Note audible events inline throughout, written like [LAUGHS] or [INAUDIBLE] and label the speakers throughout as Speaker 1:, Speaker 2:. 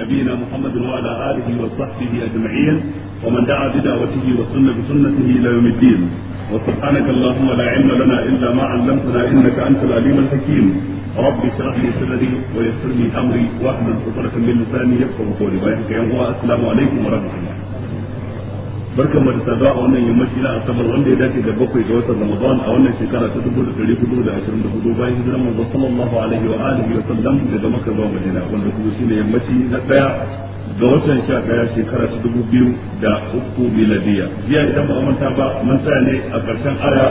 Speaker 1: نبينا محمد وعلى آله وصحبه أجمعين ومن دعا بدعوته وسن بسنته إلى يوم الدين وسبحانك اللهم لا علم لنا إلا ما علمتنا إنك أنت العليم الحكيم رب اشرح لي صدري ويسر لي أمري واحمد عقدة من لساني يفقه قولي ويحكي السلام عليكم ورحمة الله barkan mu da saduwa a wannan yammaci na asabar wanda ya dace da bakwai ga watan ramadan a wannan shekara ta dubu da ɗari hudu da ashirin da hudu bayan hijiran manzo sallallahu alaihi wa alihi wa sallam daga makka zuwa madina wanda kuma shine yammaci na daya ga watan sha daya shekara ta dubu biyu da uku miladiya jiya idan ba manta ba mun tsaya ne a ƙarshen aya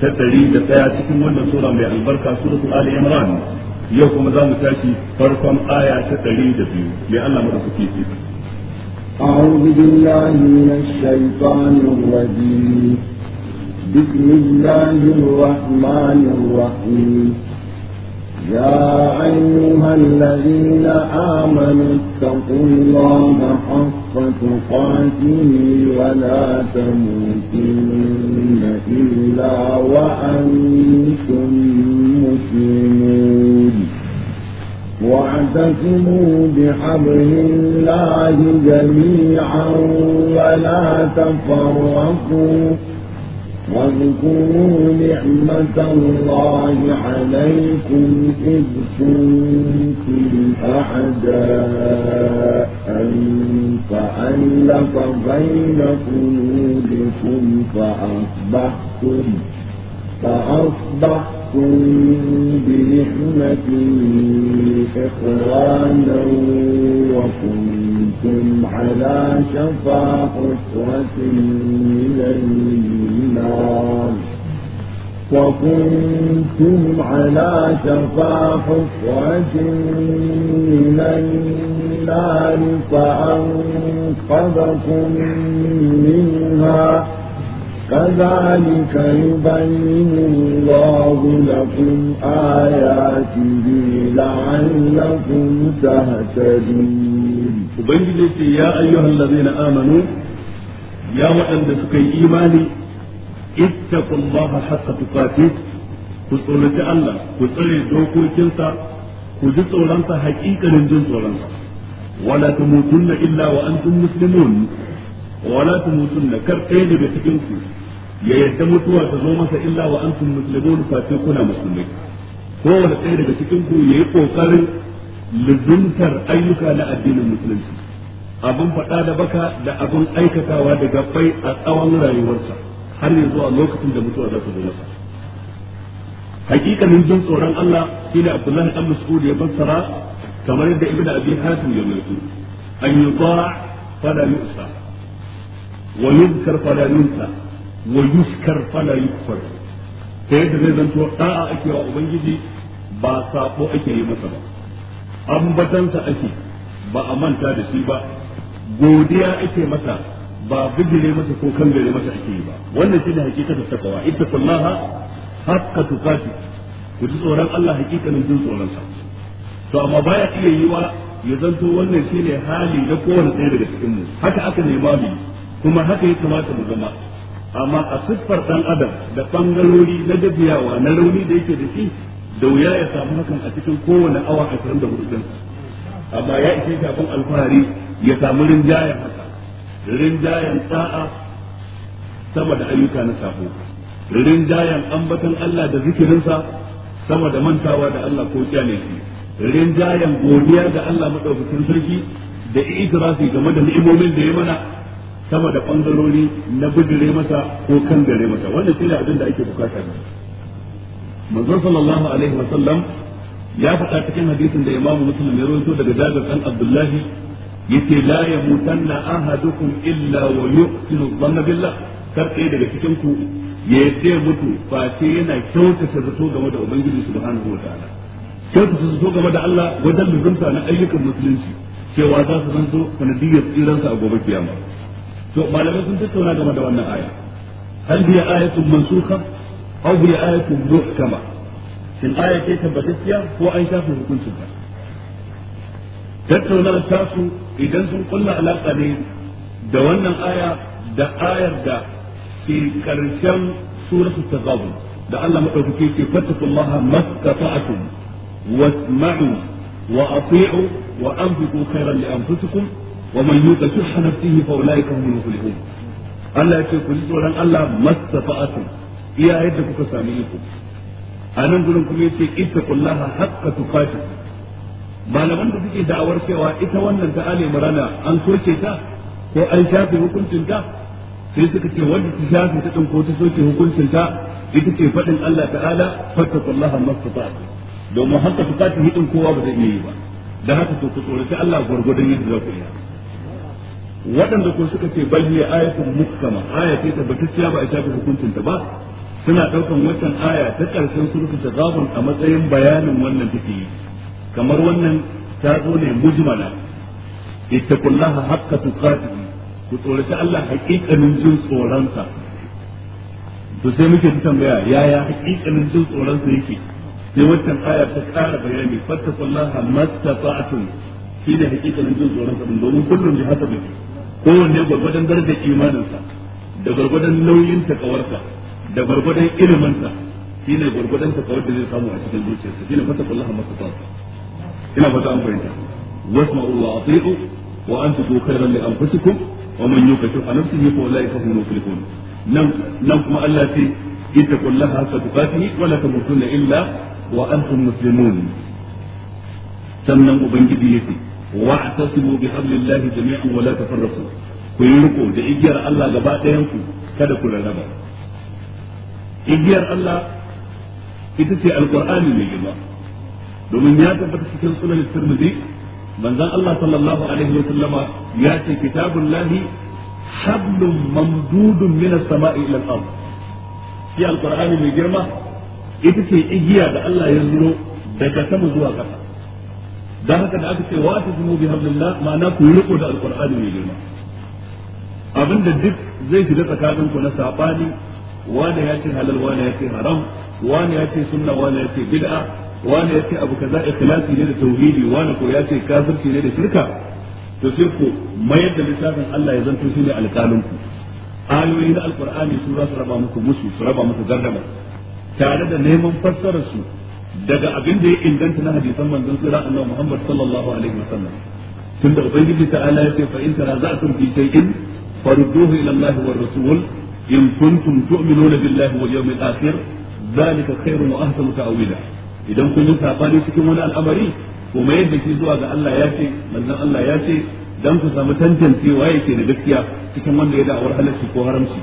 Speaker 1: ta ɗari da ɗaya cikin wannan sura mai albarka suratul ali imran yau kuma za mu tashi farkon aya ta ɗari da biyu mai Allah mu da suke ciki
Speaker 2: أعوذ بالله من الشيطان الرجيم بسم الله الرحمن الرحيم يا أيها الذين آمنوا اتقوا الله حق تقاته ولا تموتن إلا وأنتم مسلمون واعتصموا بحبل الله جميعا ولا تفرقوا واذكروا نعمة الله عليكم إذ كنتم أعداء فألف بين قلوبكم فأصبحتم فأصبحتم بنعمته إخوانا وكنتم على شفا حسرة من النار وكنتم على شفا حفرة من النار فأنقذكم منها كذلك يبين الله لكم آياته لعلكم تهتدون
Speaker 1: وبنجلس يا أيها الذين آمنوا يا وأن سكي إيماني اتقوا الله حق تقاته كسولة الله كسولة دوكو كنسا كجسولة لنسا حقيقة لنجنسولة لنسا ولا تموتن إلا وأنتم مسلمون ولا تموتن كرقين بسكنكم ya yarda mutuwa ta zo masa illa wa antum muslimun fa sai kuna musulmai kowane ɗaya daga cikin ku yayi kokarin luzuntar ayyuka na addinin musulunci abin faɗa da baka da abin aikatawa da gabbai a tsawon rayuwarsa har ya zuwa lokacin da mutuwa za ta zo masa hakikanin jin tsoron Allah shine Abdullahi dan Mas'ud ya fassara kamar yadda Ibn Abi Hatim ya rubuta an yuta fala yusa wa yuzkar fala yunsa wa yuskar fala yukfar ta yadda zai zanto da'a ake wa ubangiji ba sako ake yi masa ba ambatansa ake ba a manta da shi ba godiya ake masa ba bijire masa ko gare masa ake yi ba wannan shine Ita takawa ittaqullaha haqqa tuqati ku ji tsoron Allah hakikanin jin tsoron sa to amma baya iya wa ya zanto wannan shine hali na kowane ɗaya daga cikin mu haka aka nema mu kuma haka ya kamata mu zama amma a siffar dan adam da bangalori na gajiyawa na rauni da yake da shi da wuya ya samu hakan a cikin kowane awa ashirin 24 din amma ya ishe shi abin alfahari ya samu rinjayen haka rinjayen sa'a sama da ayyuka na safo rinjayen ambatan Allah da zikirinsa sama da mantawa da Allah ko kyale shi rinjayen godiya da Allah madaukakin sarki da itirafi game da ni'imomin da ya mana sama da bangarori na bijire masa ko kan gare masa wannan shine abin da ake bukata ne manzon sallallahu alaihi wasallam ya faɗa cikin hadisin da imamu muslim ya rawaito daga jabir dan abdullahi yace la yamutanna ahadukum illa wa yuqtinu dhanna billah kar ɗaya daga cikin ku ya ce mutu face yana kyautata zato game da ubangiji subhanahu wa ta'ala kyautata zato game da Allah wajen luzunta na ayyukan musulunci cewa za su zanto sanadiyyar tsiransa a gobe kiyama to malamai sun tattauna game da wannan aya hal hiya ayatun mansukha aw hiya ayatun muhkama shin aya ce tabbatacciya ko an shafe hukuncin ta tattaunawar tasu idan sun kulla alaka ne da wannan aya da ayar da ke karshen suratu tazabun da Allah madaukake ce fattakullaha a wasma'u wa ati'u wa anfiqu khairan li anfusikum ومن يوق شح نفسه فاولئك هم المفلحون الله يقول كل سورة الله ما استطعتم يا يد كوكا أنا نقول لكم اتقوا الله حق تقاته malaman da suke da'awar cewa ita wannan ta ali murana an soketa? ta ko an shafe hukuncin ta sai suka ce wanda ta shafe ta ko ta soke hukuncin ita ce faɗin Allah ta'ala fattakullaha mastata'tum domin haka tukati hidin kowa bata iya yi ba da haka to ku tsoraci Allah gwargwadon yadda za ku iya waɗanda ko suka ce bal hiya ayatun muhkama aya ce tabbatacciya ba a shafi hukuncin ta ba suna ɗaukan watan aya ta ƙarshen surutu ta zabun a matsayin bayanin wannan take yi kamar wannan ta zo ne mujmala ittaqullaha haqqa tuqatihi ku tsoraci Allah haƙiƙanin jin tsoronsa to sai muke ta tambaya yaya haƙiƙanin jin tsoronsa yake sai wannan aya ta ƙara bayani fattaqullaha mastata'tum shi ne haƙiƙanin jin tsoronsa domin kullum ji haka bai kowanne gwargwadon darajar imaninsa da gwargwadon nauyin takawarsa da gwargwadon iliminsa shine gwargwadon takawar da zai samu a cikin zuciyarsa shine fata kullaha masa ina fata an fahimta wasma'u wa ati'u wa anfiqu khayran li anfusikum wa man an nafsihi ko ulaika hum muflihun nan nan kuma Allah ce ittaqullaha haqqa tuqatih wa la tamutunna illa wa sannan ubangiji yace wa'tasimu bihablillahi jami'an wa la tafarraqu ku yi riko da igiyar Allah gaba ɗayan ku kada ku rarraba igiyar Allah ita ce alqur'ani mai girma domin ya tabbata cikin sunan tirmidhi manzon Allah sallallahu alaihi wa sallama ya ce kitabullahi
Speaker 2: hablum mamdudun min
Speaker 1: as-sama'i ila al-ard shi alqur'ani mai girma ita ce igiya da Allah ya zuro daga sama zuwa ƙasa dan haka da aka ce wa tasmu bi hablillah ma'ana ku riko da alqur'ani ne girma abinda duk zai shiga tsakanin ku na sabani wani ya ce halal wani ya ce haram wani ya ce sunna wani ya ce bid'a wani ya ce abu kaza ikhlasi ne da tauhidi wani ko ya ce kafirci ne da shirka to sai ku mayar da littafin Allah ya zanto ne alƙalin ku ayoyi na alqur'ani su za su raba muku musu su raba muku gardama tare da neman fassarar su daga abin da ya inganta na hadisan manzon sura annabi Muhammad sallallahu alaihi wasallam tunda ubangiji ta'ala ya ce fa in taraza'tum fi shay'in farudduhu ila Allah wa rasul in kuntum tu'minuna billahi wal yawmil akhir dhalika khairun wa ahsanu ta'wila idan kun yi sabani cikin wani al'amari ko mai da shi zuwa ga Allah ya ce manzon Allah ya ce dan ku samu tantancewa yake da gaskiya cikin wanda ya da'awar halarci ko haramci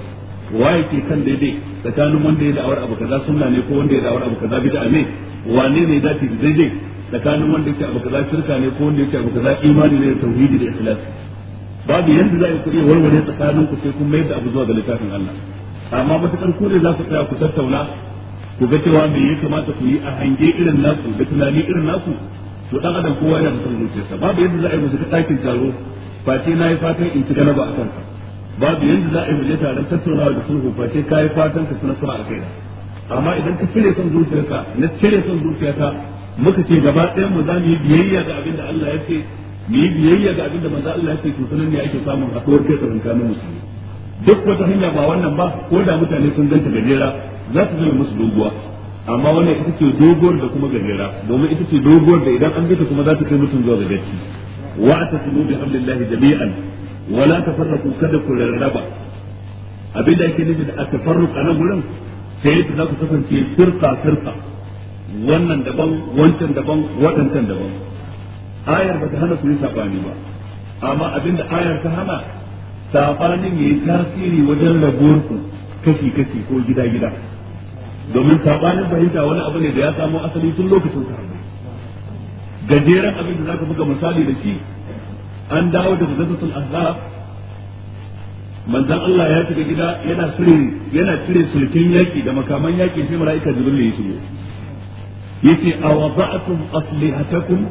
Speaker 1: waye ke kan daidai tsakanin wanda ya da'awar abu kaza sunna ne ko wanda ya da'awar abu kaza bid'a ne wane ne zai dai daidai tsakanin wanda yake abu kaza shirka ne ko wanda yake abu kaza imani ne da tauhidi da ikhlas
Speaker 2: babu yanda zai ku iya warware tsakanin
Speaker 1: ku sai kun mai da abu zuwa ga littafin Allah amma matakar ku ne za ku tsaya ku tattauna ku ga cewa me ya kamata ku yi a hange irin naku da tunani irin naku to dan adam kowa yana da son zuciyarsa babu yadda za a yi musu ɗakin taro ba ce na yi fatan in ci galaba a kanka babu yanda za a yi muje taron tattaunawa da sulhu ba sai kai fatan ka suna sura a amma idan ka cire son zuciyarka na cire son zuciyarka muka ce gaba ɗaya mu za mu yi biyayya ga abin da Allah ya ce mu yi biyayya ga abin da manzo Allah ya ce to sunan ne ake samun haɗuwar kai tsakanin musulmi duk wata hanya ba wannan ba ko da mutane sun ganta gajera za su zama musu doguwa amma wannan ita ce doguwar da kuma gajera domin ita ce doguwar da idan an bi ta kuma za ta kai mutum zuwa ga gaci wa atasmu bi hablillahi jami'an wala tafarraqu kada ku rarraba abin da ake nufi da at-tafarruq a nan gurin sai yadda za ku kasance firqa firqa wannan daban wancan daban wadancan daban ayar ba ta hana ku yi sabani ba amma abin da ayar ta hana sabanin yayi tasiri wajen rabuwarku ku kashi kashi ko gida gida domin sabanin fahimta wani abu ne da ya samo asali tun lokacin sahabbai gajeren abin da zaka buga misali da shi an dawo da gazatul azab manzon Allah ya shiga gida yana cire yana cire sulkin yaki da makaman yaki sai mala'ika jibril ya shigo yace awada'tum aslihatakum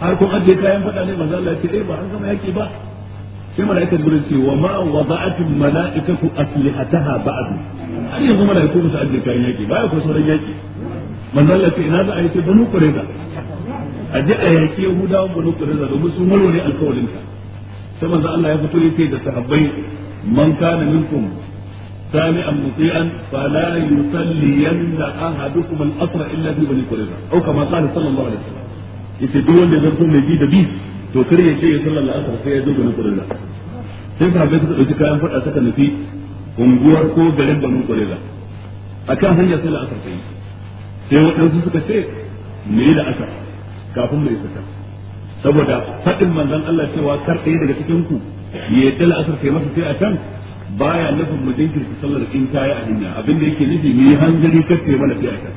Speaker 1: har kun ajiye kayan fada ne manzon Allah ya ce eh, ba an gama yaki ba sai mala'ika jibril ce wa ma wada'atum mala'ikatu aslihataha ba'd har yanzu mala'iku ba su ajiye kayan yaki ba ya ko sauran yaki manzon Allah ce ina za a yi sai banu qurayza a ji a yaki yahudawan banu qurayza domin sun warware alkawarin ka sai manzo Allah ya fito yake da sahabbai man kana minkum سامعا مطيعا فلا يصلين احدكم الاسرى الا في بني قريظه او كما قال صلى الله عليه وسلم yace duk wanda zan sun ji da bi to kar ya ce ya sallar la'asar sai ya zo bani kurela sai sahabbai suka dauki kayan fada suka nufi unguwar ko garin bani kurela akan hanya sai asar sai sai waɗansu suka ce me la'asar kafin mu isa saboda faɗin manzon Allah cewa kar ɗaya daga cikin ku ya yadda la'asar kai masa sai a can baya nufin mu jinkirta sallar in ta yi a hanya abinda yake nufi mu yi hanzari kar kai mana sai a can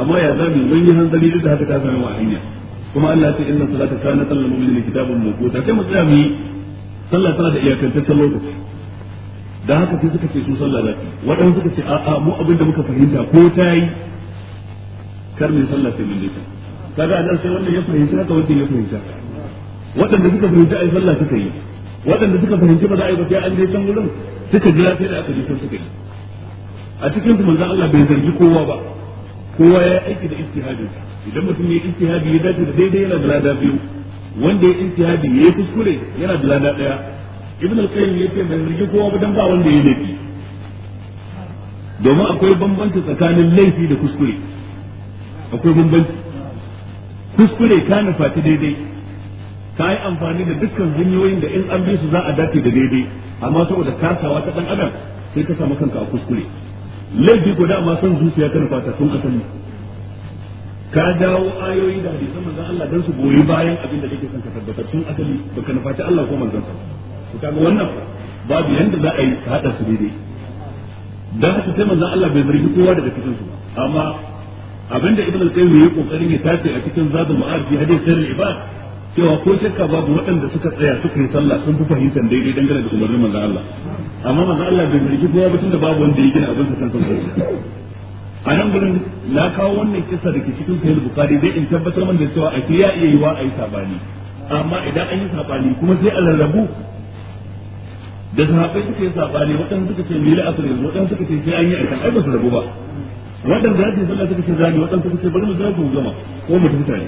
Speaker 1: amma ya zamu mun yi hanzari duk da haka ta sami a hanya kuma Allah ya ce inna salata kana sallal mu'minin kitabun mawquta sai mu tsaya mu yi sallah tana da iyakantaccen lokaci da haka sai suka ce su sallar za ta waɗansu suka ce a'a mu abinda muka fahimta ko ta yi kar mu sallar sai mun yi ta kaga a sai wanda ya fahimci haka wanda ya fahimta waɗanda suka fahimci ai sallah suka yi waɗanda suka fahimci ba za a yi ba sai an je can wurin suka jira sai da aka je sun suka yi a cikin su manzon Allah bai zargi kowa ba kowa ya aiki da ijtihadi idan mutum ya ijtihadi ya dace da daidai yana da lada biyu wanda ya ijtihadi ya kuskure yana da lada daya ibn al-qayyim yace bai zargi kowa ba dan ba wanda ya laifi domin akwai bambanci tsakanin laifi da kuskure akwai bambanci kuskure ka nufaci daidai ka yi amfani da dukkan hanyoyin da in an bi su za a dace da daidai amma saboda kasawa ta dan adam sai ka samu kanka a kuskure laifi guda amma son zuciya ta nufata sun asali ka dawo ayoyi da hadisan manzon Allah dan su goyi bayan abin da kake son ka tabbatar sun asali baka nufaci Allah ko manzon sa kaga wannan babu yanda za a yi hada su daidai dan haka sai manzon Allah bai zargi kowa daga cikin su amma abinda ibn al-qayyim yayi kokarin ya tace a cikin zadul ma'arif fi hadith sirr ibad cewa ko shakka babu waɗanda suka tsaya suka yi sallah sun fi fahimtar daidai dangane da umarnin manzon Allah amma manzon Allah bai zargi kowa ba tunda babu wanda ya gina abin sa kansa a nan gurin na kawo wannan kisa da ke cikin sahih bukhari dai in tabbatar man da cewa a ya iya yiwa wa yi sabani amma idan an yi sabani kuma sai a rarrabu da sahabbai suka yi sabani waɗanda suka ce mili asirin, waɗanda suka ce sai an yi aikan ai ba su rabu ba waɗanda za su yi sallah suka ce zani waɗanda suka ce bari mu jira ku gama ko mu tafi tare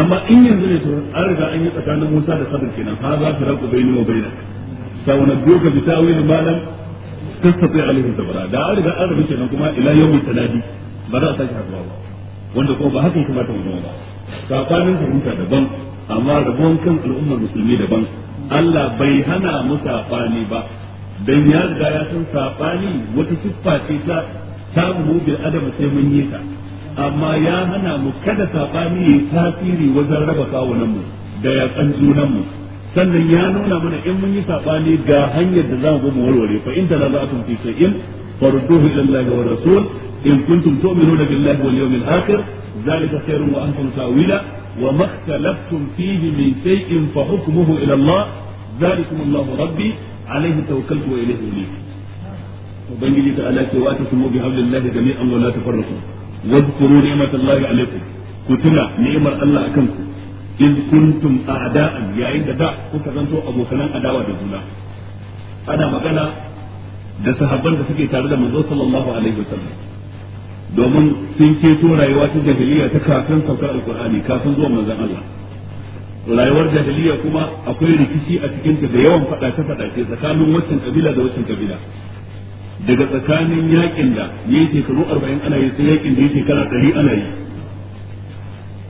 Speaker 1: amma in yanzu ne to an riga an yi tsakanin Musa da Khadir kenan ha za ka rabu bai nima bai da sau na biyu ka bi tawilin malam tattafi alaihi sabara da an riga an rabu kenan kuma ila yawmin tanadi ba za a sake haɗuwa ba wanda ko ba hakan ya kamata mu ba sabanin fahimta daban amma rabuwan kan al'ummar musulmi daban Allah bai hana mu sabani ba dan ya riga ya san sabani wata siffa ce ta samu bil adam sai mun yi ta amma ya hana mu kada sabani ya tasiri wajen raba kawunan mu da yakan junan mu sannan ya nuna mana in mun yi sabani ga hanyar da za mu warware fa in tanaza'tum fi shay'in farudduhu ila wa rasul in kuntum tu'minuna billahi wal yawmil akhir ذلك خير sai in وما اختلفتم فيه من شيء فحكمه إلى الله ذلكم الله ربي عليه توكلت وإليه أنيب ubangiji ta ala ce wa ta sumu bi hablillahi jami'an wa la tafarraqu wadhkuru ni'matallahi alaikum ku tuna ni'mar Allah akan ku in kuntum a'da'an yayin da da kuka zanto abokanan adawa da juna ana magana da sahabban da suke tare da manzo sallallahu alaihi wasallam domin sun keto rayuwa ta jahiliya ta kafin saukar alkur'ani kafin zuwa manzon Allah
Speaker 2: rayuwar jahiliya
Speaker 1: kuma akwai rikici a cikinta da yawan fadace fadace tsakanin waccan kabila da waccan kabila daga tsakanin yakin da ya yi shekaru arba'in ana yi sai yakin da yi shekara ɗari ana yi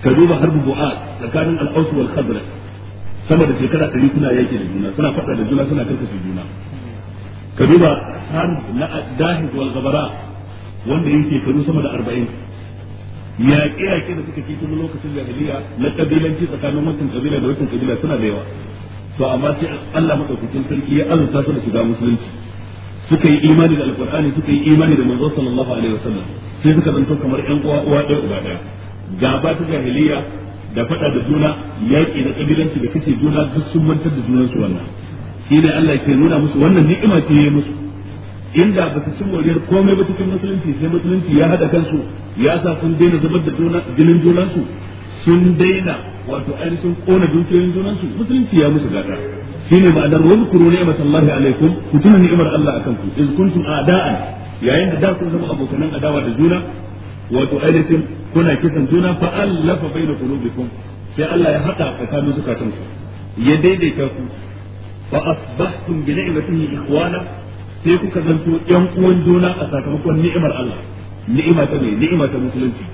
Speaker 1: ka duba harbu bu'ad tsakanin al-aus wal khazraj sama da shekara ɗari suna yaƙi da juna suna fada da juna suna karkashe juna ka duba har na dahiz wal ghabara wanda yi shekaru sama da arba'in yaƙe-yaƙe da suka fito lokacin jahiliya na kabilanci tsakanin wancan ƙabila da wancan ƙabila suna da yawa to amma sai Allah madaukakin sarki ya azurta su da shiga musulunci suka yi imani da alkur'ani suka yi imani da manzo sallallahu alaihi wasallam sai suka zanto kamar yan uwa uwa ɗaya uba ɗaya gaba ta jahiliya da faɗa da juna yaƙi da kabilanci da kace juna duk sun mantar da junansu wannan shi ne Allah ke nuna musu wannan ni'ima ce ya musu inda ba su cin wariyar komai ba cikin musulunci sai musulunci ya hada kansu ya sa sun daina zubar da juna jinin junansu sun daina wato ainihin kona dukiyoyin junansu musulunci ya musu gada shine ma'anar wazkuru ni'matallahi alaikum ku tuna ni'mar Allah akan ku in kuntum a'da'an yayin da da ku zama abokanan adawa da juna wato ainihin kuna kisan juna fa allafa baina qulubikum sai Allah ya hada tsakanin zukatan ku ya daidaita ku fa asbahtum bi ni'matihi ikhwana sai kuka zanto yan uwan juna a sakamakon ni'imar Allah ni'ima ta ne ni'ima ta musulunci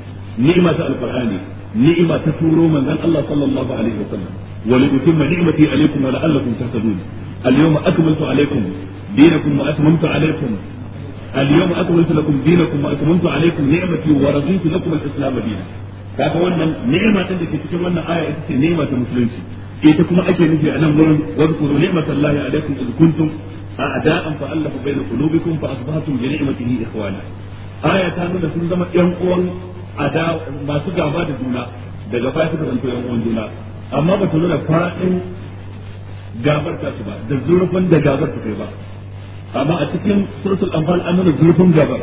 Speaker 1: ni'ima ta alqur'ani ni'ima ta turo manzon Allah sallallahu alaihi wasallam ولأتم نعمتي عليكم ولعلكم تهتدون اليوم أكملت عليكم دينكم وأتممت عليكم اليوم أكملت لكم دينكم وأتممت عليكم نعمتي ورضيت لكم الإسلام دينا kaga wannan ni'ima din da ke cikin wannan aya ita ce ni'ima ta musulunci ita kuma ake nufi a nan wurin wa zkuru ni'matallahi alaikum id kuntum a'da'an fa allafa bayna qulubikum fa asbahtum bi ni'matihi ikhwana aya ta nuna sun zama yan uwan ada masu gaba da juna daga baya suka zanto yan uwan juna amma ba ta nuna faɗin gabar ta su ba da zurfin da gabar ta kai ba amma a cikin suratul anfal an nuna zurfin gabar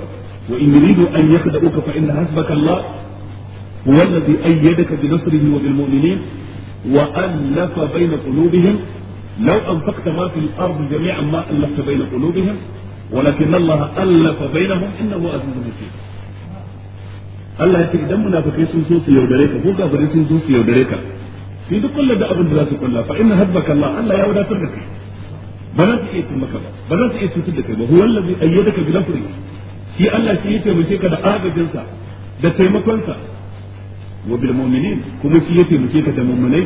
Speaker 1: wa in yuridu an yakhda'uka fa inna hasbaka Allah huwa alladhi ayyadaka bi nasrihi wa bil mu'minin wa alafa bayna qulubihim law anfaqta ma fil ardi jami'an ma alafta bayna qulubihim ولكن الله ألف بينهم إنه عزيز حكيم Allah ya ce idan munafikai sun so su yaudare ka ko sun su yaudare ka sai duk kullum da abin da za su kulla fa inna hasbaka Allah Allah ya wadatar da kai ba za su iya cin maka ba ba za su iya cutar da kai ba huwa allazi ayyadaka bi nasri shi Allah shi ya taimake ka da agajinsa da taimakonsa wa bil mu'minin kuma shi ya taimake ka da mu'minai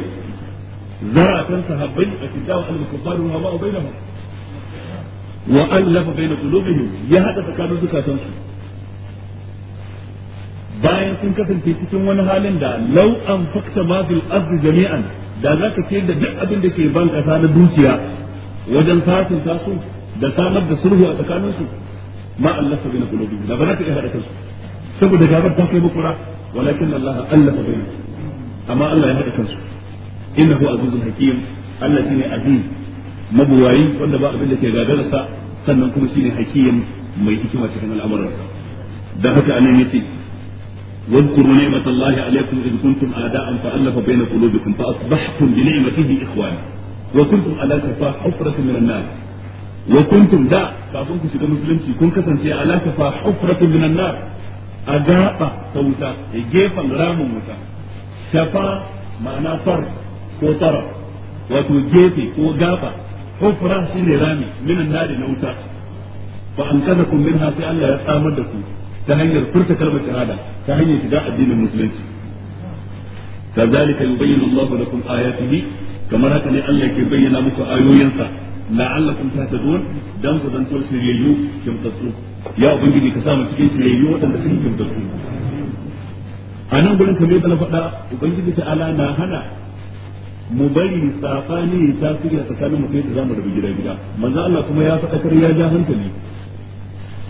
Speaker 1: zaratan sahabbai a cikin al-kuffar wa ma bainahum wa allafa bain qulubihim ya hada tsakanin zukatansu bayan sun kasance cikin wani halin da lau an fakta ma fil ardi jami'an da za ka ce da duk abin da ke ban kasa na dukiya wajen sasin tasu da samar da sulhu a tsakanin su ma Allah ta bayyana kulubi da ba za ka iya hada kansu saboda gabar ta kai makura walakin Allah Allah ta bayyana amma Allah ya hada kansu innahu azizul hakim Allah shine aziz mabuwayi wanda ba abin da ke gagararsa sannan kuma shine hakim mai hikima cikin al'amuransa dan haka annabi yace واذكروا نعمة الله عليكم إذ كنتم أعداء فألف بين قلوبكم فأصبحتم بنعمته إخوانا وكنتم على شفا حفرة من النار وكنتم دا كافون كشي مسلم كن كسن على شفا حفرة من النار أجاء توتا جيفا رام موتا شفا معنى فر وطرف wato gefe ko gaba hufra shine rami minan nari na wuta fa an kaza kun minha sai Allah ya samar da ku ta hanyar furta kalmar shahada ta hanyar shiga addinin musulunci kazalika yubayyinu Allahu lakum ayatihi kamar haka ne Allah ke bayyana muku ayoyinsa la'allakum tahtadun dan ku zanto shiryayyu kimtatsu ya ubangiji ka samu cikin shiryayyu waɗanda suke kimtatsu a nan gurin kamar yadda na faɗa ubangiji ta'ala na hana mu bari safani ya tasiri a tsakanin mu kai da zamu rabu gida gida manzo Allah kuma ya faɗa ya ja hankali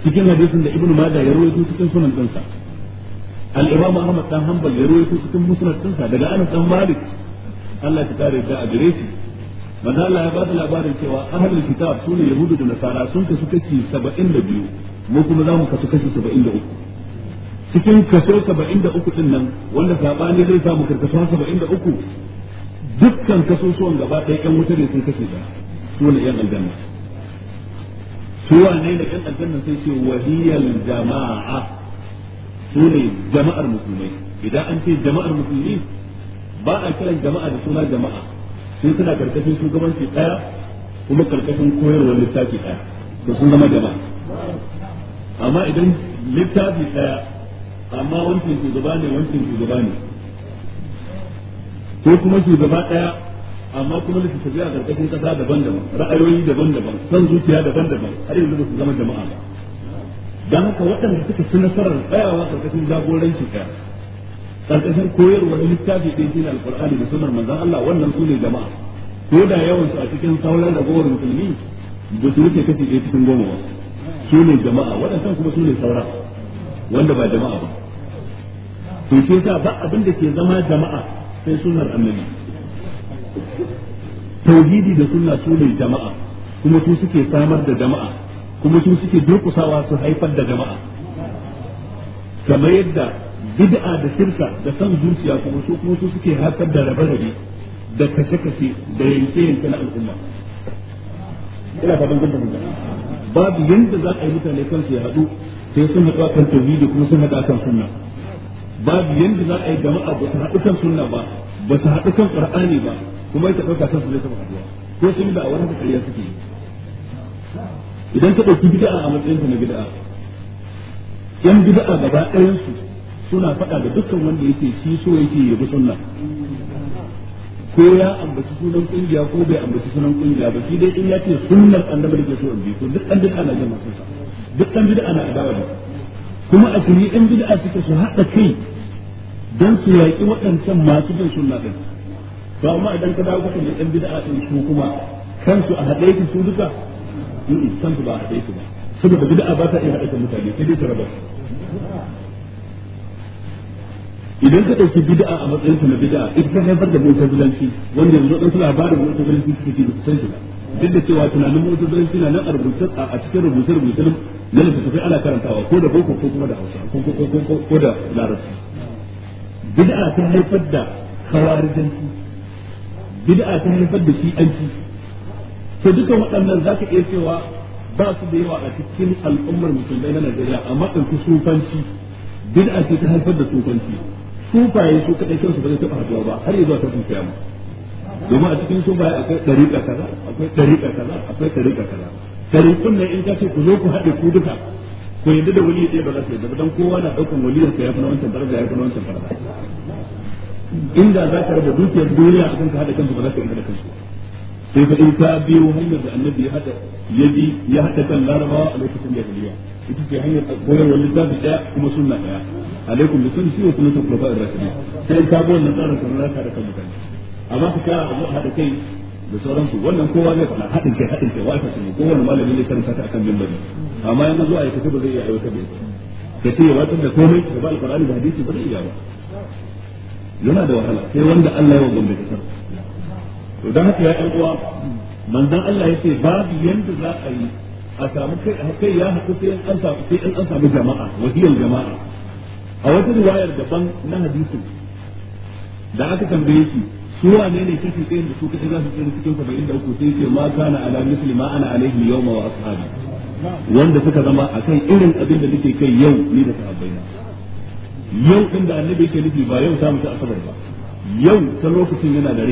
Speaker 1: cikin hadisin da ibnu majah ya rawaito cikin sunan dinsa al-imam ahmad dan hanbal ya rawaito cikin musnad dinsa daga anas dan malik Allah ya kare ta a gare shi manzo Allah ya ba da labarin cewa ahlul kitab sune yahudu da nasara sun kasu kashi 72 mu kuma za mu kasu kashi 73 cikin kaso 73 din nan wanda sabani zai samu da uku. dukkan kaso gaba ɗaya ƴan wuta ne sun kashe ta su ne ƴan aljanna su wane ne kan aljanna sai ce waliyal jama'a su ne jama'ar musulmai idan an ce jama'ar musulmi ba a kiran jama'a da suna jama'a sun suna karkashin shugabanci ɗaya, kuma karkashin koyarwar littafi daya to sun zama jama'a amma idan littafi ɗaya, amma wancan shugaba ne wancan shugaba ne ko kuma shugaba ɗaya. amma kuma da tafi a karkashin kasa daban-daban ra'ayoyi daban-daban san zuciya daban-daban har yanzu ba su zama jama'a ba dan haka waɗanda suka fi nasarar tsayawa karkashin jagoranci ka karkashin koyarwar littafi ɗin shi al'ƙur'ani da sunnar manzon Allah wannan su ne jama'a ko da yawan su a cikin sauran ragowar musulmi ba su wuce kashi ɗaya cikin goma ba su ne jama'a waɗannan kuma su ne saura wanda ba jama'a ba to shi ba abin da ke zama jama'a sai sunan annabi tauhidi da sunna su ne jama'a kuma su suke samar da jama'a kuma su suke durkusawa su haifar da jama'a kamar yadda bid'a da shirka da san zuciya kuma su kuma su suke haifar da rabe-rabe da kashe-kashe da yanke-yanke na al'umma ina fatan kun fahimta babu yanda za a yi mutane kansu ya haɗu sai sun haɗu kan tauhidi kuma sun haɗu kan sunna babu yanda za a yi jama'a ba su haɗu kan sunna ba ba su haɗu kan qur'ani ba kuma ita ɗauka kansu zai taɓa haɗuwa ko sun da a wani da kariya suke yi idan ka ɗauki bid'a a matsayin ta na bid'a yan bid'a gaba ɗayan su suna faɗa da dukkan wanda yake shi so yake ya bi sunna ko ya ambaci sunan kungiya ko bai ambaci sunan kungiya ba shi dai in ya ce sunnar annabi da so ambi bi ko duk an bid'a na jama'a masu duk bid'a na adawa da kuma a cikin yan bid'a suke su haɗa kai don su yaƙi waɗancan masu bin sunna ɗin to amma idan ka dawo kuma da bid'a din su kuma kansu a haɗe yake su duka in mm, mm, kansu ba a haɗe yake ba saboda bid'a ba ta iya hade kan mutane sai dai ta idan ka ɗauki bid'a a matsayin sa na bid'a idan ka haifar da mutazilanci wanda yanzu ɗan labarin mutazilanci suke ji ba san shi ba duk da cewa tunanin mutazilanci na nan a rubuce a cikin rubuce rubuce na littattafai ana karantawa ko da boko ko kuma da hausa ko da larabci bid'a ta haifar da kawarijanci bid'a ta haifar da shi an ci to duka waɗannan za ka iya cewa ba su da yawa a cikin al'ummar musulmai na Najeriya amma ɗauki sufanci bid'a ce ta haifar da sufanci sufaye su kaɗai kansu ba zai taɓa haɗuwa ba har yanzu a ta sufiya mu domin a cikin sufaye akwai ɗariƙa kaza akwai ɗariƙa kaza akwai ɗariƙa kaza ɗariƙun nan in ka ce ku zo ku haɗe ku duka ko yadda da wali ɗaya ba za su yadda ba don kowa na ɗaukan waliyarsa ya fi na wancan daraja ya fi na wancan daraja inda za ka raba dukiyar duniya akan ka hada kansu ba za ka hada kansu sai fa in ka biyo hanyar da annabi ya hada ya bi ya hada kan larabawa a lokacin jahiliya ita ce hanyar koyarwar littafi daya kuma sunna daya alaikum bi sunni wa sunnatul khulafa'ir rashidin sai in ka bi wannan tsarin ka za ka hada kan mutane amma ka kara abu hada kai da sauransu wannan kowa zai faɗa haɗin kai haɗin kai wata su ko kowane malami ne karanta ta akan mimbari amma yanzu zuwa ya kace ba zai iya aiwatar da ita kace ya watsar da komai da ba alqur'ani da hadisi ba zai iya ba yana da wahala sai wanda Allah ya wa gombe kasar to dan haka ya ɗan uwa manzon Allah ya ce babu yanda za a yi a samu kai kai ya haku sai an samu sai an samu jama'a wahiyar jama'a
Speaker 3: a wata riwayar
Speaker 1: daban na hadisi da aka tambaye shi su wane ne kashi ɗaya da su kaɗai za su tsere cikin saba'in da uku sai ce ma kana ala misli ma ana alaihi yawma wa ashabi wanda suka zama akan irin abin da nake kai yau ni da sahabbaina yau din da annabi yake nufi ba yau ta mutu asabar ba yau ta lokacin yana da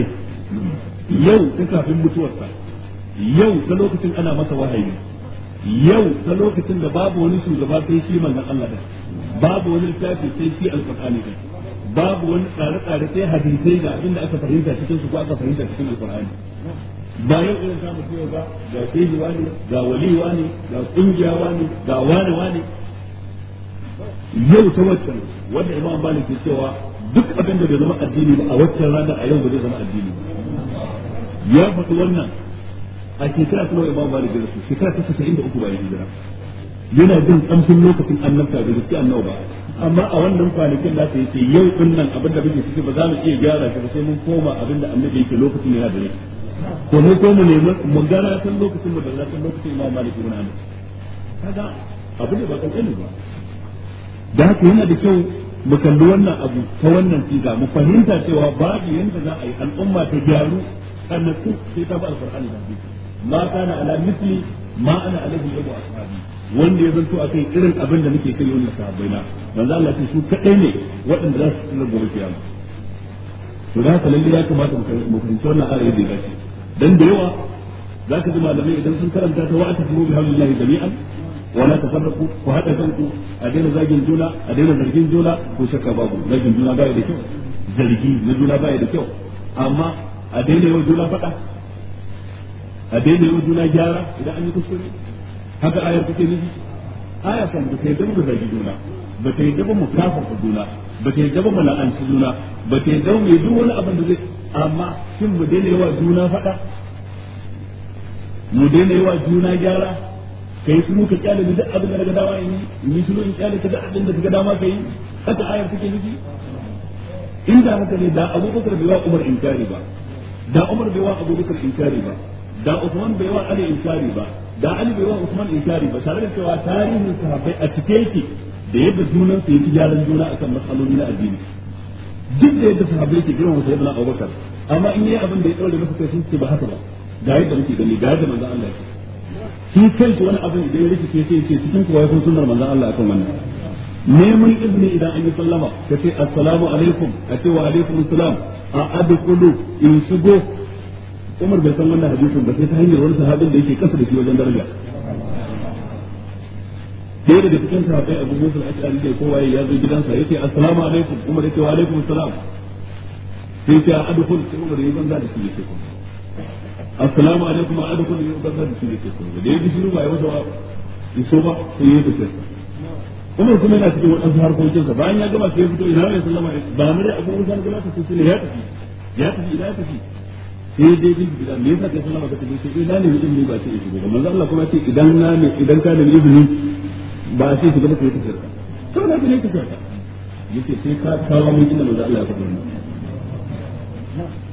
Speaker 1: yau ta kafin mutuwarsa yau ta lokacin ana masa wahayi yau ta lokacin da babu wani shugaba sai shi manzon Allah da babu wani littafi sai shi alqur'ani da babu wani tsare-tsare sai hadisai da abinda aka fahimta cikin su ko aka fahimta cikin Alƙur'ani ba yau irin samu mutu ba ga shehi wani ga wali wani ga kungiya wani ga wani wani yau ta waccan wanda imam malik ke cewa duk abin da bai zama addini ba a waccan rana a yau ba zai zama addini ya faɗi wannan a shekara ta imam malik da rasu shekara ta 93 bayan hijira yana jin kamshin lokacin annabta da gaske annabi ba amma a wannan kwanakin da yake yau din nan abin da muke ciki ba za mu iya gyara shi ba sai mun koma abin da annabi yake lokacin yana da rai to mun ko ne nemi mu gara san lokacin mu da lokacin imam malik ibn anas kaga abin da ba kankani ba da haka yana da kyau mu kalli wannan abu ta wannan siga mu fahimta cewa babu yanda za a yi al'umma ta gyaru annatu sai ta bi alqur'ani da hadisi ma kana ala misli ma ana alaihi yabu ashabi wanda ya zanto a kai irin abin da nake kai wannan sahabbai na manzo Allah ce su kadai ne waɗanda za su tsira gobe kiyama to da haka lalle ya kamata mu fahimci wannan ayar da ya dace dan da yawa zaka ji malamai idan sun karanta ta wa'ata fi bihamdillahi jami'an wala tafarraqu ku hada kanku a daina zagin juna a daina zargin juna ko shakka babu zagin juna baya da kyau zargi na juna baya da kyau amma a daina yau juna fada a daina yau juna gyara idan an yi kuskure haka ayar take nufi aya kan da kai da zargi juna ba ta yadda ba mu kafafa juna ba ta yadda ba mu la'anci juna ba ta yadda mu duk wani abin da zai amma shin mu daina yawa juna fada mu daina yawa juna gyara kai su muka kyale da abin da daga dama yi ni su mun kyale ka abin da daga dama kai haka ayar take nufi inda haka ne da abubakar bai wa umar inkari ba da umar bai wa abubakar inkari ba da Uthman bai wa ali inkari ba da ali bai wa Uthman inkari ba tare da cewa tarihin sahabbai a cike yake da yadda sunan su yake jaran juna akan matsaloli na addini duk da yadda sahabbai ke girma sai Abu Bakar amma in yayi abin da ya daure masa kai sun ce ba haka ba ga yadda muke gani ga yadda manzo Allah ya shi kanshi wani abin da ya ke sai ce cikin kuwa ya san sunnar manzon Allah akan wannan neman izini idan an yi sallama ka ce assalamu alaikum a ce wa alaikum assalam a adkhulu in shigo Umar bai san wannan hadisin ba sai ta hanyar wani sahabin da yake kasa da shi wajen daraja ɗaya daga cikin sahabbai Abu Musa al-Ash'ari da kowa ya zo gidansa yace assalamu alaikum Umar yace wa alaikum assalam sai ya adkhul sai Umar ya banza da shi yace kuma assalamu alaikum wa adakum ne ba da su yi kai da yaji shiru ba ya wata iso ba sai ya tafi Umar kuma yana cikin waɗansu harkokinsa bayan ya gama sai ya fito ina ne sallama ba mu dai abubuwan musan gama ta sai ya tafi ya tafi ina ya tafi sai ya dai bin gida me yasa ka sallama ka tafi sai ina ne mu izini ba sai ya shigo manzo Allah kuma ce idan na ne idan ka ne izini ba sai shiga ba ka yi tafiya to na ya tafiya yace sai ka kawo mun inda manzo Allah ya faɗa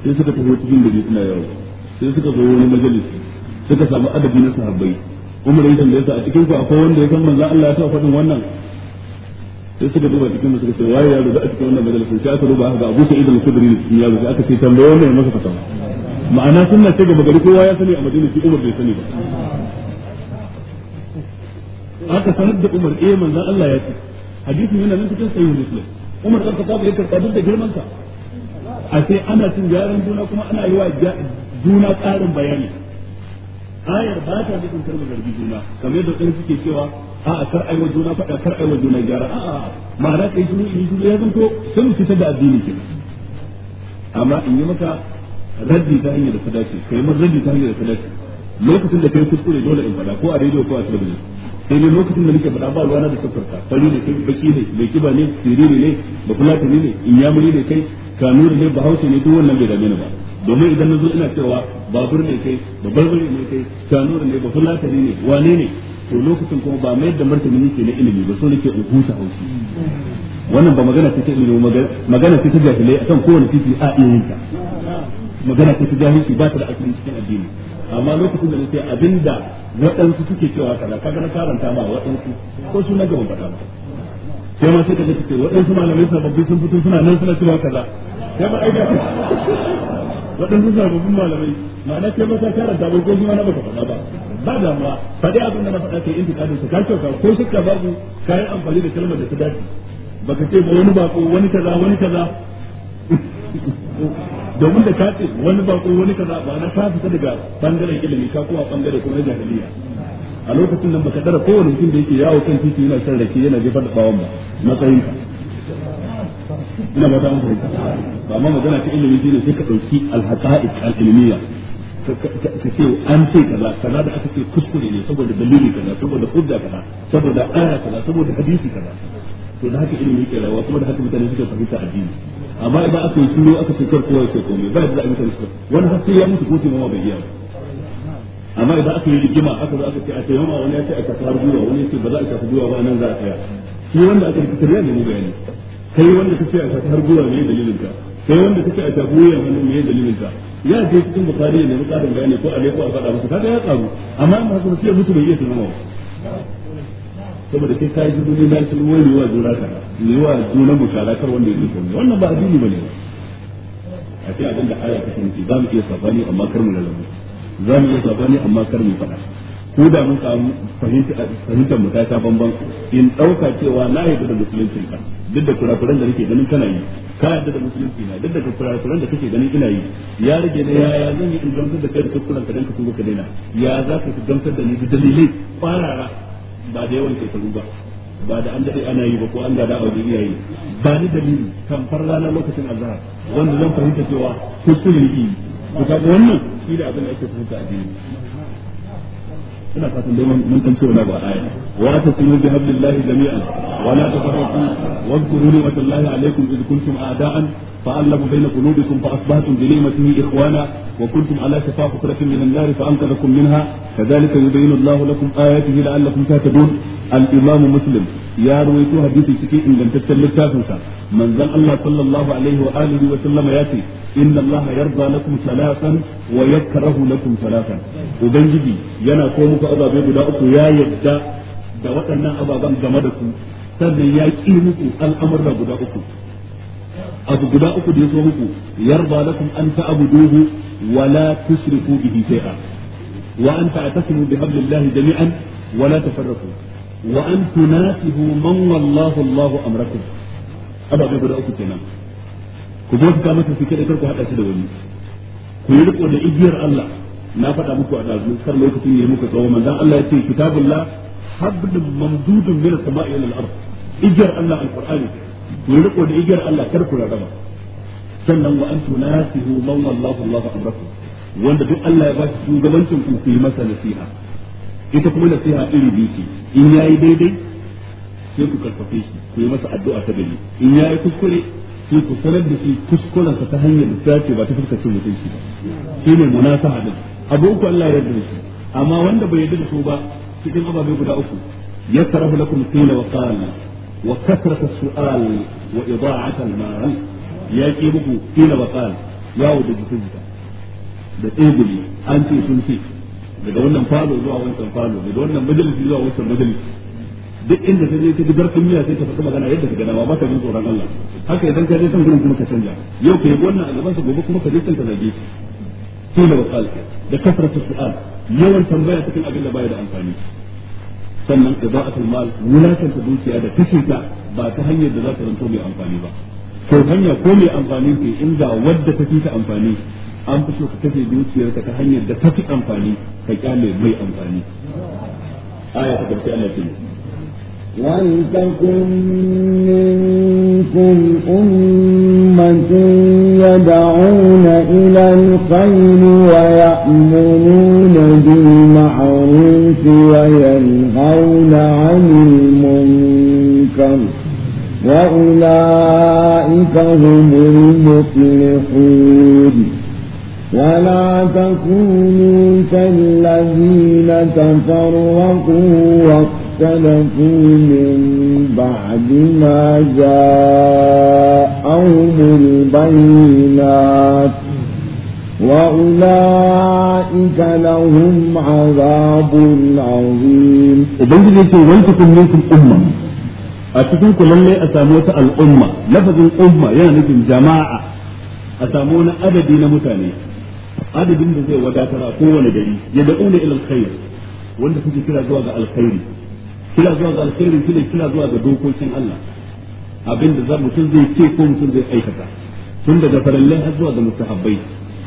Speaker 1: sai suka tafi cikin gari suna yawo sai suka zo wani majalisi suka samu adabi na sahabbai umar ya tambaye su a cikin ku akwai wanda ya san manzo Allah ya sa faɗin wannan sai suka duba cikin suka ce waye ya rubuta a cikin wannan majalisin sai aka ruba ga Abu Sa'id al-Khudri ya rubuta aka ce tambaye wannan ya masa fatawa ma'ana sunna ce gaba gari kowa ya sani a madina Umar bai sani ba aka sanar da Umar eh manzo Allah ya ce hadisi yana nan cikin sahih Muslim Umar kan ka ya karɓa duk da girman sa a sai ana cin gyaran duna kuma ana yi wa juna tsarin bayani ayar ba ta nufin karɓar zargi juna kamar da ɗan suke cewa a a kar aiwa juna faɗa kar aiwa juna gyara a a ma'ana kai shi ne shi ya zanto sun fita da addini ke amma in yi maka raddi ta hanyar da ta dace kai mun raddi ta hanyar da ta dace lokacin da kai kuskure dole in faɗa ko a rediyo ko a talabijin sai ne lokacin da nake faɗa ba ruwana da sukarta fari ne kai baki ne mai kiba ne siriri ne bakulatani ne yamuri ne kai kanuri ne bahaushe ne duk wannan bai dame ni ba domin idan na zo ina cewa babur ne kai da barbare ne kai kanura ne ba fulatani ne wane ne to lokacin kuma ba mayar da martani nake na ilimi ba so nake in huta haushi wannan ba magana ce ta ilimi magana ce ta jahilai akan kowane titi a iya ta magana ce ta jahilci ba ta da asali cikin addini amma lokacin da nake abinda waɗansu suke cewa kaza kaga na karanta ma waɗansu ko su na gaban faɗa ba sai ma sai ka ce waɗansu malamai sababbi sun fito suna nan suna cewa kaza sai ba aika waɗansu sababbin malamai ma'ana kai ba ka karanta ba ko na baka faɗa ba ba ma faɗi abin da na faɗa kai kaɗin su ka kyauta ko shakka babu kayan amfani da kalmar da ta dace baka ce ba wani bako wani kaza wani kaza domin da ka ce wani bako wani kaza ba na ka fita daga bangaren ilimi ka kuma bangare kuma na jahiliya a lokacin nan baka dara kowane mutum da yake yawo kan titi yana shan rake yana jefar da bawon ba matsayin ka ina ba ta an fahimta ba amma magana ta ilimi ne sai ka ɗauki al-haqa'iq al-ilmiya ka ce an ce kaza kaza da aka ce kuskure ne saboda dalili kaza saboda hujja kaza saboda aya kaza saboda hadisi kaza to da haka ilimi ke rawa kuma da haka mutane suka fahimta addini amma idan aka yi shiru aka ce kar kowa ya ce komai ba da mutane suka wani har sai ya mutu ko ma bai yi amma idan aka yi rigima aka zo aka ce a tayyama wani ya ce a shafi har gwiwa wani ya ce ba za a shafi gwiwa ba nan za a tsaya shi wanda aka rikitar yana ne bayani kai wanda kace a shafi har gura ne dalilin ka kai wanda kace a shafi wuya hannu ne dalilin ka ya je cikin bukari ne mu karin bayani ko alai ko a faɗa musu kaga ya karu amma in haka sai mutu bai iya tunama saboda kai kai gudu ne dan sun wani wa jura ka ne wa juna kar wanda yake kuma wannan ba addini bane a ce abin da aya ta kanci za mu iya sabani amma kar mu lalamu za mu iya sabani amma kar mu faɗa ko da mun samu fahimta fahimtar mu ta bamban in ɗauka cewa na yi da musulunci ka duk da kurakuran da nake ganin kana yi ka yadda da musulunci na duk da kurakuran da kake ganin ina yi ya rage da yaya zan yi in gamsar da kai da kuskuren ka danka kuma ka daina ya za ka gamsar da ni da dalilai kwarara ba da yawan shekaru ba ba da an daɗe ana yi ba ko an da a wajen iyaye ba ni dalili kan farla na lokacin azhar wanda zan fahimta cewa kuskure ne ki to ga wannan shi da abin da ake fahimta a jini ina fatan dai mun kan cewa ba aya wa tasimu bi hablillahi jami'an wa la tafarraqu wa اذkuru ni'matallahi alaykum id kuntum a'da'an فألف بين قلوبكم فأصبحتم بنعمته إخوانا وكنتم على شفا حفرة من النار فأنقذكم منها كذلك يبين الله لكم آياته لعلكم تهتدون الإمام مسلم يا رويتو حديثي شكي إن لم تتلل تافنسا من ذل الله صلى الله عليه وآله وسلم ياتي إن الله يرضى لكم ثلاثا wa yakrahu lakum salatan ubangiji yana ko muku ababe guda uku ya yadda da waɗannan ababen game da ku sannan ya ƙi muku al'amurra guda uku abu guda uku da ya so muku yarda lakum an ta'buduhu wa la tushriku bihi shay'a wa an ta'tasimu bi hablillahi jami'an wa la tafarraqu wa an tunasihu man wallahu Allahu amrakum ababe guda uku kenan ku zo ku ka mata su kada ku hada shi da wani ku yi riko da igiyar Allah na faɗa muku a dazu kar lokacin ne muka tsawo manzon Allah ya ce kitabullah hablum mamdudun min as-sama'i ila al-ard igiyar Allah al-Qur'ani ku yi riko da igiyar Allah kar ku raba sannan wa antu nasihu man Allah Allahu amrakum wanda duk Allah ya ba shi shugabancin ku ku yi masa nasiha ita kuma nasiha iri biyu ce in yayi daidai sai ku karfafe shi ku yi masa addu'a ta gari in yayi kuskure sai ku sanar da shi kuskuren ta hanyar da ta ce ba ta fuskar cin mutunci ba shi ne munasaha din abu uku Allah ya yarda da shi amma wanda bai yarda da su ba cikin ababe guda uku ya yasrahu lakum qila wa qala wa kasrata su'al wa ida'ata al-mal ya ke muku qila wa qala yawo da jikinka da tsegumi an ce sun ce daga wannan falo zuwa wancan falo daga wannan majalisi zuwa wancan majalisi duk inda ta je ta ji miya sai ta faɗi magana yadda ka gana ba ta jin tsoron Allah haka idan ka je san gurin kuma ka canja yau ka yi wannan a gaban sa gobe kuma ka je san ka zage shi kila wa qal da kasratu su'al yawan tambaya cikin abin da baya da amfani sannan idaatul mal wulakanta dukiya da kashe ta ba ta hanyar da za ta zanto mai amfani ba ko hanya ko mai amfani ke inda wadda ta fi ta amfani an fi so ka kashe dukiyarka ta hanyar da ta fi amfani ka kyale mai amfani aya ta karshe Allah ya
Speaker 2: ولتكن منكم أمة يدعون إلى الخير ويأمرون بالمعروف وينهون عن المنكر وأولئك هم المفلحون ولا تكونوا كالذين تفرقوا اختلفوا من بعد ما جاءهم البينات وأولئك لهم عذاب عظيم وبنجد يتي ولتكن منكم أمة أتكون كل اللي أساموت الأمة لفظ الأمة يعني
Speaker 1: جماعة أسامونا أدبي متاني adadin da zai wadatar a يدعون إلى الخير وانت تجي ilal جواز الخير kira zuwa ga alkhairi shine kira zuwa ga dokokin Allah abinda za mutum zai ce ko mutum zai aikata tun daga farallai har zuwa ga mustahabbai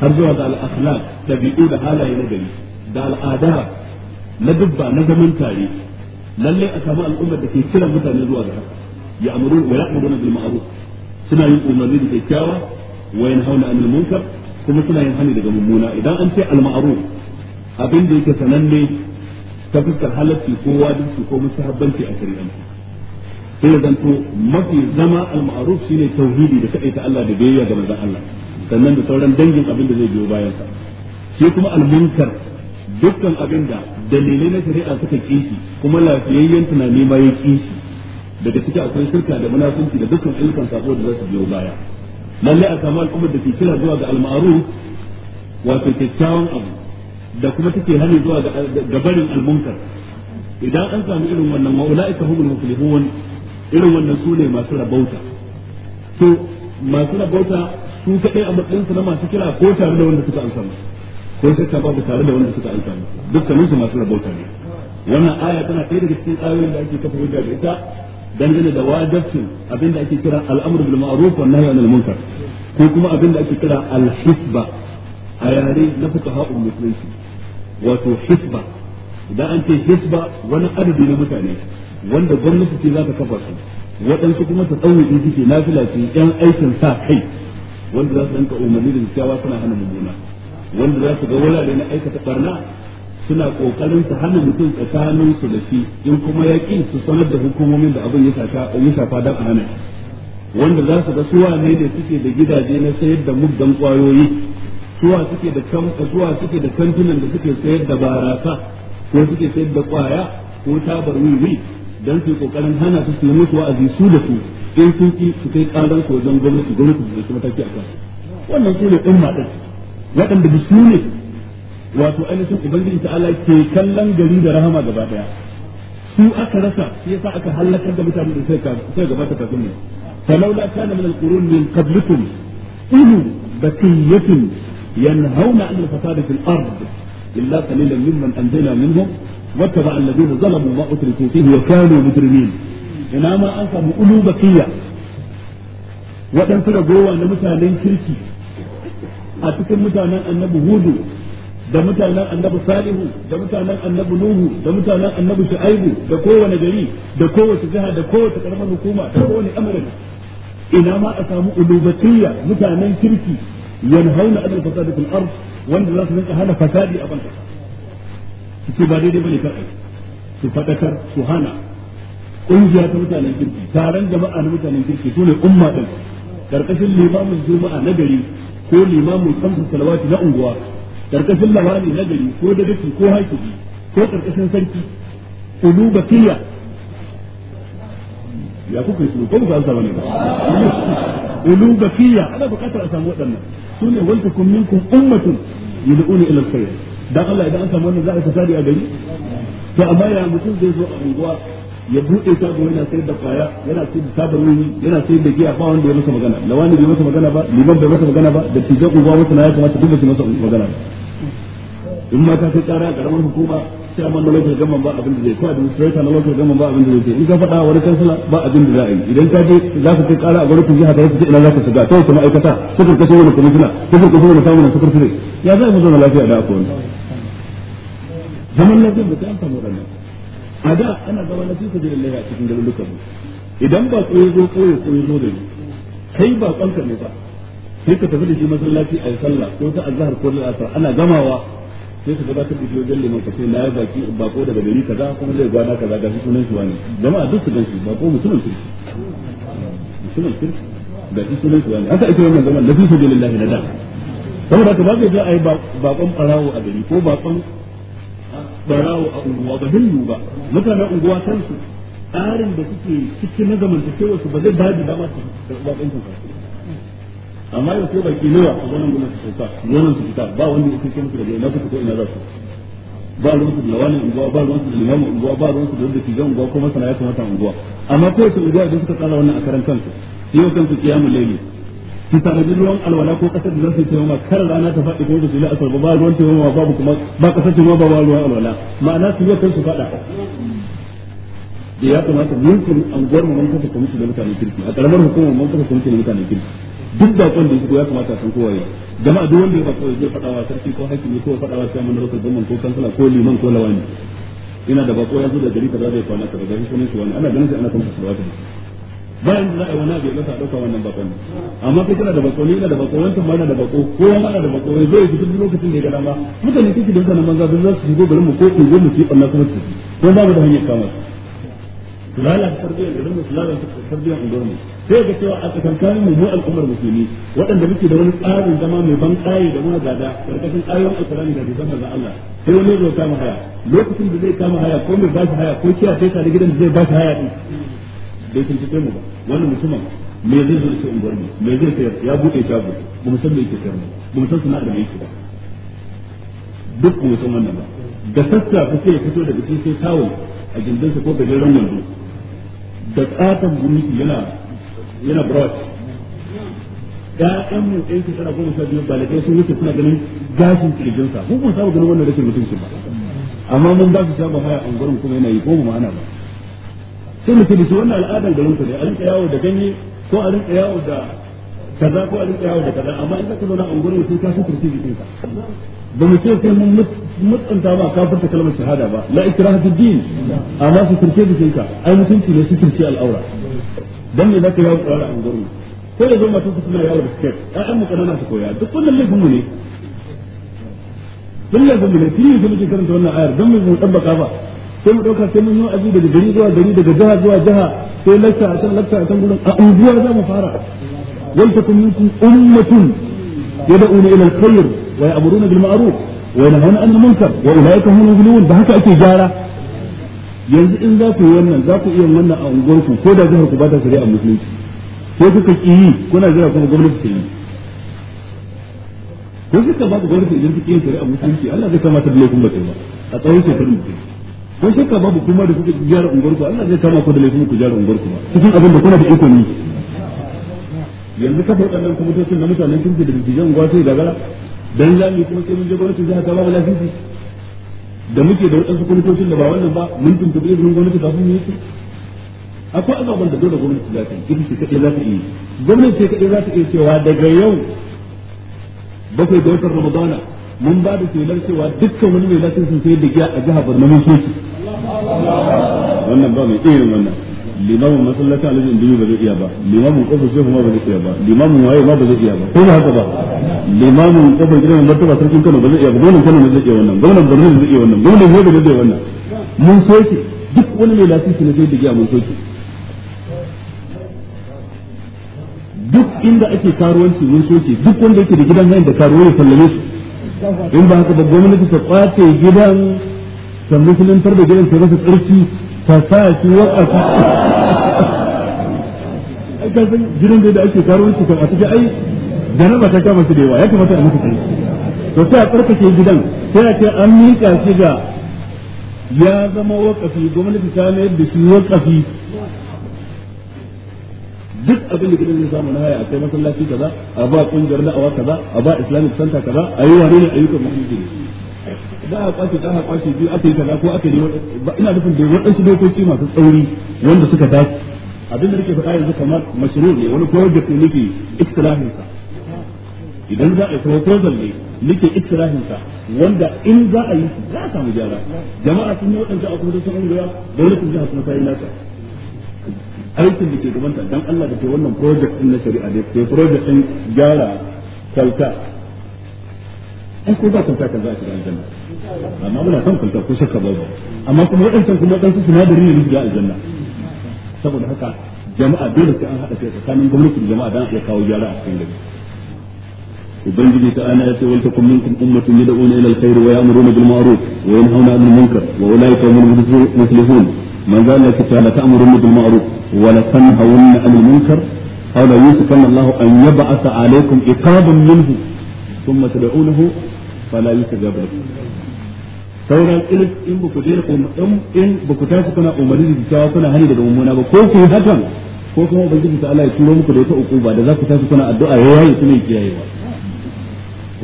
Speaker 1: har zuwa ga al-akhlaq tabi'u da halaye na gari da al'ada na dubba na zaman tare lalle a samu al'ummar da ke kiran mutane zuwa ga haka ya amuru wa ya'muruna bil ma'ruf suna yin umarni da kyakkyawa wa yanhauna 'anil munkar kuma suna yin hani daga mummuna idan an ce al-ma'ruf abin da yake sananne ta fuskar halarci ko wajibci ko musahabbanci a shari'anci sai ya zanto mafi zama al-ma'ruf shine tauhidi da kaɗai ta Allah da biyayya ga manzon Allah sannan da sauran dangin abin da zai biyo bayan sa shi kuma al-munkar dukkan abin da dalilai na shari'a suka kishi kuma lafiyayyen tunani ma ya kishi daga ciki akwai shirka da munafunci da dukkan ayyukan sako da za su biyo baya Lallai a samu al'ummar da ke kira zuwa ga al-ma'ruf wato kyakkyawan abu da kuma take hani zuwa ga barin almunkar idan an samu irin wannan wa ulaika humul muflihun irin wannan su ne masu rabauta to masu rabauta su kadai a matsayin na masu kira ko tare da wanda suka an samu ko sai ka babu tare da wanda suka an samu dukkanin su masu rabauta ne wannan aya tana ɗaya daga cikin ayoyin da ake kafa hujja da ita dangane da wajibcin abin da ake kira al'amr bil ma'ruf wa nahy anil munkar ko kuma abin da ake kira al-hisba a yare na fuqaha'ul musulunci wato hisba idan an ce hisba wani adadi na mutane wanda gwamnati ce za ta kafa su waɗansu kuma ta ɗauki suke nafila su yan aikin sa kai wanda za su rinka umarni da kyakkyawa suna hana mummuna wanda za su ga wurare na aikata barna suna ƙoƙarin su hana mutum tsakanin su da shi in kuma ya ki su sanar da hukumomin da abin ya shafa ya a hana wanda za su ga su wane ne suke da gidaje na sayar da muggan kwayoyi zuwa suke da kan zuwa suke da kantunan da suke sayar da barasa ko suke sayar da kwaya ko tabar wiwi dan su kokarin hana su su musu wa'azi su da su in sun ki su kai karan su wajen gwamnati gwamnati da su mataki a kan wannan su ne umma din waɗanda da su ne wato ainihin ubangiji ta Allah ke kallon gari da rahama gaba daya su aka rasa shi yasa aka halakar da mutane da sai ka sai gaba ta kafin ne falaula kana min alqurun min qablikum ilu bakiyatin ينهون عن الفساد في الأرض إلا قليلا ممن أنزلنا منهم واتبع الذين ظلموا ما أتركوا فيه وكانوا مجرمين إنما أنت مؤلو بقية وأن تلقوا أن متعلين كرسي أتكن متعلين أنه هودو da mutanen annabi salihu da mutanen annabi nuhu da mutanen annabi shu'aibu da kowane gari da kowace jiha da kowace karamar hukuma da kowane amarin ina ma a samu ulubatiyya mutanen kirki yanhauna anil fasadi fil ard wanda za su rinka hana fasadi a banka su ce ba daidai bane kai su fadakar su hana Ƙungiya ta mutanen kirki taron jama'a na mutanen kirki su ne umma din karkashin limamin juma'a na gari ko limamin kamsu salawati na unguwa karkashin lawani na gari ko dagaci ko hakiki ko karkashin sarki ku duba kiyya ya kuka yi su ko ba za su ne ba ulu gafiya ana bukatar a samu waɗannan sune wal takum minkum ummatun yad'una ila al-khair dan Allah idan an samu wannan za a fasadi a gari to amma ya mutum zai zo a unguwa ya buɗe shago yana sayar da kwaya yana sayar da tabar wuri yana sayar da giya ba wanda ya masa magana lawani bai masa magana ba liman bai masa magana ba da tijan unguwa masa na ya kamata duk ba su masa magana ba in ma ta kai kara karamar hukuma sai amma na lokacin gaman ba abin da zai ko ta na lokacin gaman ba abin da zai in ka faɗa wani kansala ba abin da za a yi idan ka je za ka kai kara a gwamnatin jiha da yake ina za ka shiga ta wace ma'aikata suka kashe wani kwamishina suka kashe wani samun suka kashe ya za a mu zauna lafiya da akwai zaman lafiya ba ta yanka samu wannan a da ana zama na fisa jirin lafiya a cikin garurukan idan ba ko zo kawai ko zo da ni kai ba kwanka ne ba sai ka tafi da shi masallaci a yi sallah ko ta azhar ko la'asar ana gamawa sai su gabatar da shi wajen liman ka sai na yi baki bako daga gari kaza kuma zai gwada kaza ga sunan shi wani jama'a duk su gan shi bako mutumin kirki mutumin kirki ga shi sunan shi wani an ta ake wannan zaman lafi su bilin lahi na da saboda ka ba zai a yi bakon barawo a gari ko bakon barawo a unguwa ba hillu ba mutanen unguwa kansu tsarin da suke cikin na zamantakewa su ba zai ba da dama su bakon kansu amma yau sai baki nawa a gonan gonan su sauka gonan su fita ba wanda ya kace musu da daga ina kuka ko ina za su ba ruwan su da lawanin unguwa ba ruwan su da limamin unguwa ba ruwan su da zaki zan unguwa ko masana ya kamata unguwa amma ko su unguwa da suka tsara wannan a karan kansu yau kansu kiyamul laili su tanadi ruwan alwala ko kasar da zai ma kar rana ta faɗi ko da su la'asar ba ruwan ma babu kuma ba kasar ma ba ruwan alwala ma'ana su yau kansu faɗa da ya kamata mulkin anguwar mu mun kasa kwamiti da mutanen kirki a ƙaramar hukumar mun kasa kwamiti da mutanen kirki duk da kun da ya kamata san kowa jama'a duk wanda ya bako zai faɗa wa sarki ko ne ko faɗa wa shaman rokar zaman ko kansala ko liman ko lawani ina da bako ya zo da gari kaza zai kwana kaza da ne shi wani ana ganin shi ana kuma shi wata bayan da ai wani abu ya kasa ɗauka wannan bakon amma kai kana da bako ne ina da bako wancan ma na da bako ko ya mana da bako ya zo ya duk lokacin da ya gana ma mutane kike da mutanen manzo don za su shigo garin mu ko ku zo mu ci ɓanna kuma su ko za mu da hanyar kama su lalata tarbiyyar garin mu su lalata tarbiyyar unguwar mu sai ga cewa a tsakankanin mu mu al'ummar musulmi waɗanda muke da wani tsarin zama mai ban tsaye da muna gada karkashin ayoyin alkurani da bisan manzon Allah sai wani zai kama haya lokacin da zai kama haya ko mai ba haya ko kiya sai tare gidan da zai ba haya din bai tuntuɓe mu ba wannan mutumin me zai zo sai unguwar mu me zai sayar ya buɗe shago ba mu san me yake sayar ba mu san sana'ar da yake ba duk mu san wannan ba da sassafe sai ya fito daga cikin sai tawul a gindinsa ko gajeren wando da tsatan burusi yana yana broad ɗan mu ɗan shekara goma sha biyu balagai sun wuce suna ganin gashin kirjinsa mu kuma saba ganin wannan rashin mutuncin ba amma mun ba su ba haya an gwarin kuma yana yi ko mu ana ba sai mutum da shi wannan al'adar da ku ne a rinka yawo da ganye ko a rinka yawo da kaza ko a rinka yawo da kaza amma in zaka zauna a gurin sun kasu kursi jikin ka ba mu ce sai mun mutsanta ba ka furta kalmar shahada ba la ikrahu din amma su kursi jikin ka ai mutunci ne su kursi al'aura dan me zaka yawo tsara an gurin sai da zo mata su suna yawo biskit ƴaƴan mu kanana su koya duk wannan laifin mu ne duk laifin mu ne shi ne muke karanta wannan ayar dan mu mu dabbaka ba sai mu dauka sai mun yi abu daga gari zuwa gari daga jaha zuwa jiha sai lakta a can lakta a can gurin a unguwa za mu fara wal takum minkum ummatun yad'una ila al-khair wa ya'muruna bil ma'ruf wa yanhauna 'anil munkar wa ulaika hum al-muflihun da haka ake gyara yanzu in za ku yi wannan za ku iya wannan a unguwarku ko da jihar ku ba ta shari'a musulunci ko kuka ki yi kuna jira kuma gwamnati ta yi ko shakka babu gwamnati idan take yin shari'a musulunci Allah zai kama ta da laifin mutum ba a tsawon shekarun mutum ko shakka babu kuma da kuka gyara unguwarku Allah zai kama ku da laifin ku gyara unguwarku ba cikin abin da kuna da iko ne yanzu kafa waɗannan kwamitocin na mutanen kirki da dattijan unguwa da gagara dan zami kuma sai mun je gwamnati jihar ta ba mu lafiya da muke da wadansu kwamitocin da ba wannan ba mun tuntuɓi izinin gwamnati ba sun yi su akwai ababen da dole gwamnati za ta yi ita ce kaɗai za ta yi gwamnati ce kaɗai za ta iya cewa daga yau bakwai da watan ramadana mun ba da shelar cewa dukkan wani mai lafiya sun sayar da giya a jihar barnamin soki wannan ba mai irin wannan limamin masallacin alhaji indimi ba zai iya ba limamin kofar shehu ma ba zai iya ba limamin waye ma ba zai iya ba ko ba haka ba limamin kofar gidan martaba sarkin kano ba zai iya ba gwamnan kano ne zai iya wannan gwamnan borno ne zai iya wannan gwamnan yobe ne zai iya wannan mun soke duk wani mai lasisi na zai da giya mun soke duk inda ake karuwanci mun soke duk wanda yake da gidan hayan da karuwa ya sallame su in ba haka ba gwamnati ta kwace gidan sannan sun da gidan ta rasa tsarki ka sa shi ai da ake shi kan a cikin ai ba ta kama shi da yawa ya kamata a musu kai to sai a tsarkake gidan sai a ce an miƙa shi ga ya zama wakafi gwamnati ta mayar da shi wakafi duk abin da gidan samu na haya a kai masallaci kaza a ba kungiyar da'awa kaza a ba islamic center kaza a yi wane ne ayyukan musulunci za a kwashe za a kwashe biyu aka yi kaza ko aka yi ina nufin da waɗansu dokoki masu tsauri wanda suka dace abin da nake faɗa yanzu kamar mashru ne wani project ne nake istilahin sa idan za a yi proposal ne nake istilahin sa wanda in za a yi za a samu gyara jama'a sun yi waɗanda a kuma sun ungoya gwamnatin jihar kuma ta yi nata aikin da ke gabanta don Allah da ke wannan project na shari'a ne ke project din gyara kalka ai ko ba kalka kan za a shiga aljanna amma muna son kwalta ko shakka ba amma kuma waɗancan kuma waɗansu sinadari ne na shiga aljanna saboda haka jama'a dole sai an haɗa kai tsakanin gwamnati da jama'a dan a kawo gyara a cikin gari ubangiji ta ana ya ce wal takum minkum ummatun yad'una ila alkhair wa ya'muruna bil ma'ruf wa yanhauna 'anil munkar wa ulaika hum muflihun man zalla kitaba ta'muruna bil ma'ruf wa la tanhauna 'anil munkar aw la yusifanna Allahu an yab'atha 'alaykum iqaban minhu thumma tad'unahu fala yustajabu lakum sauran ilis in ba ku je in ba ku tashi kuna umarni da cewa kuna hani daga mummuna ba ko ku yi hakan ko kuma ubangiji ta Allah ya turo muku da wata ukuba da za ku tashi kuna addu'a ya yayi kuma kiyayewa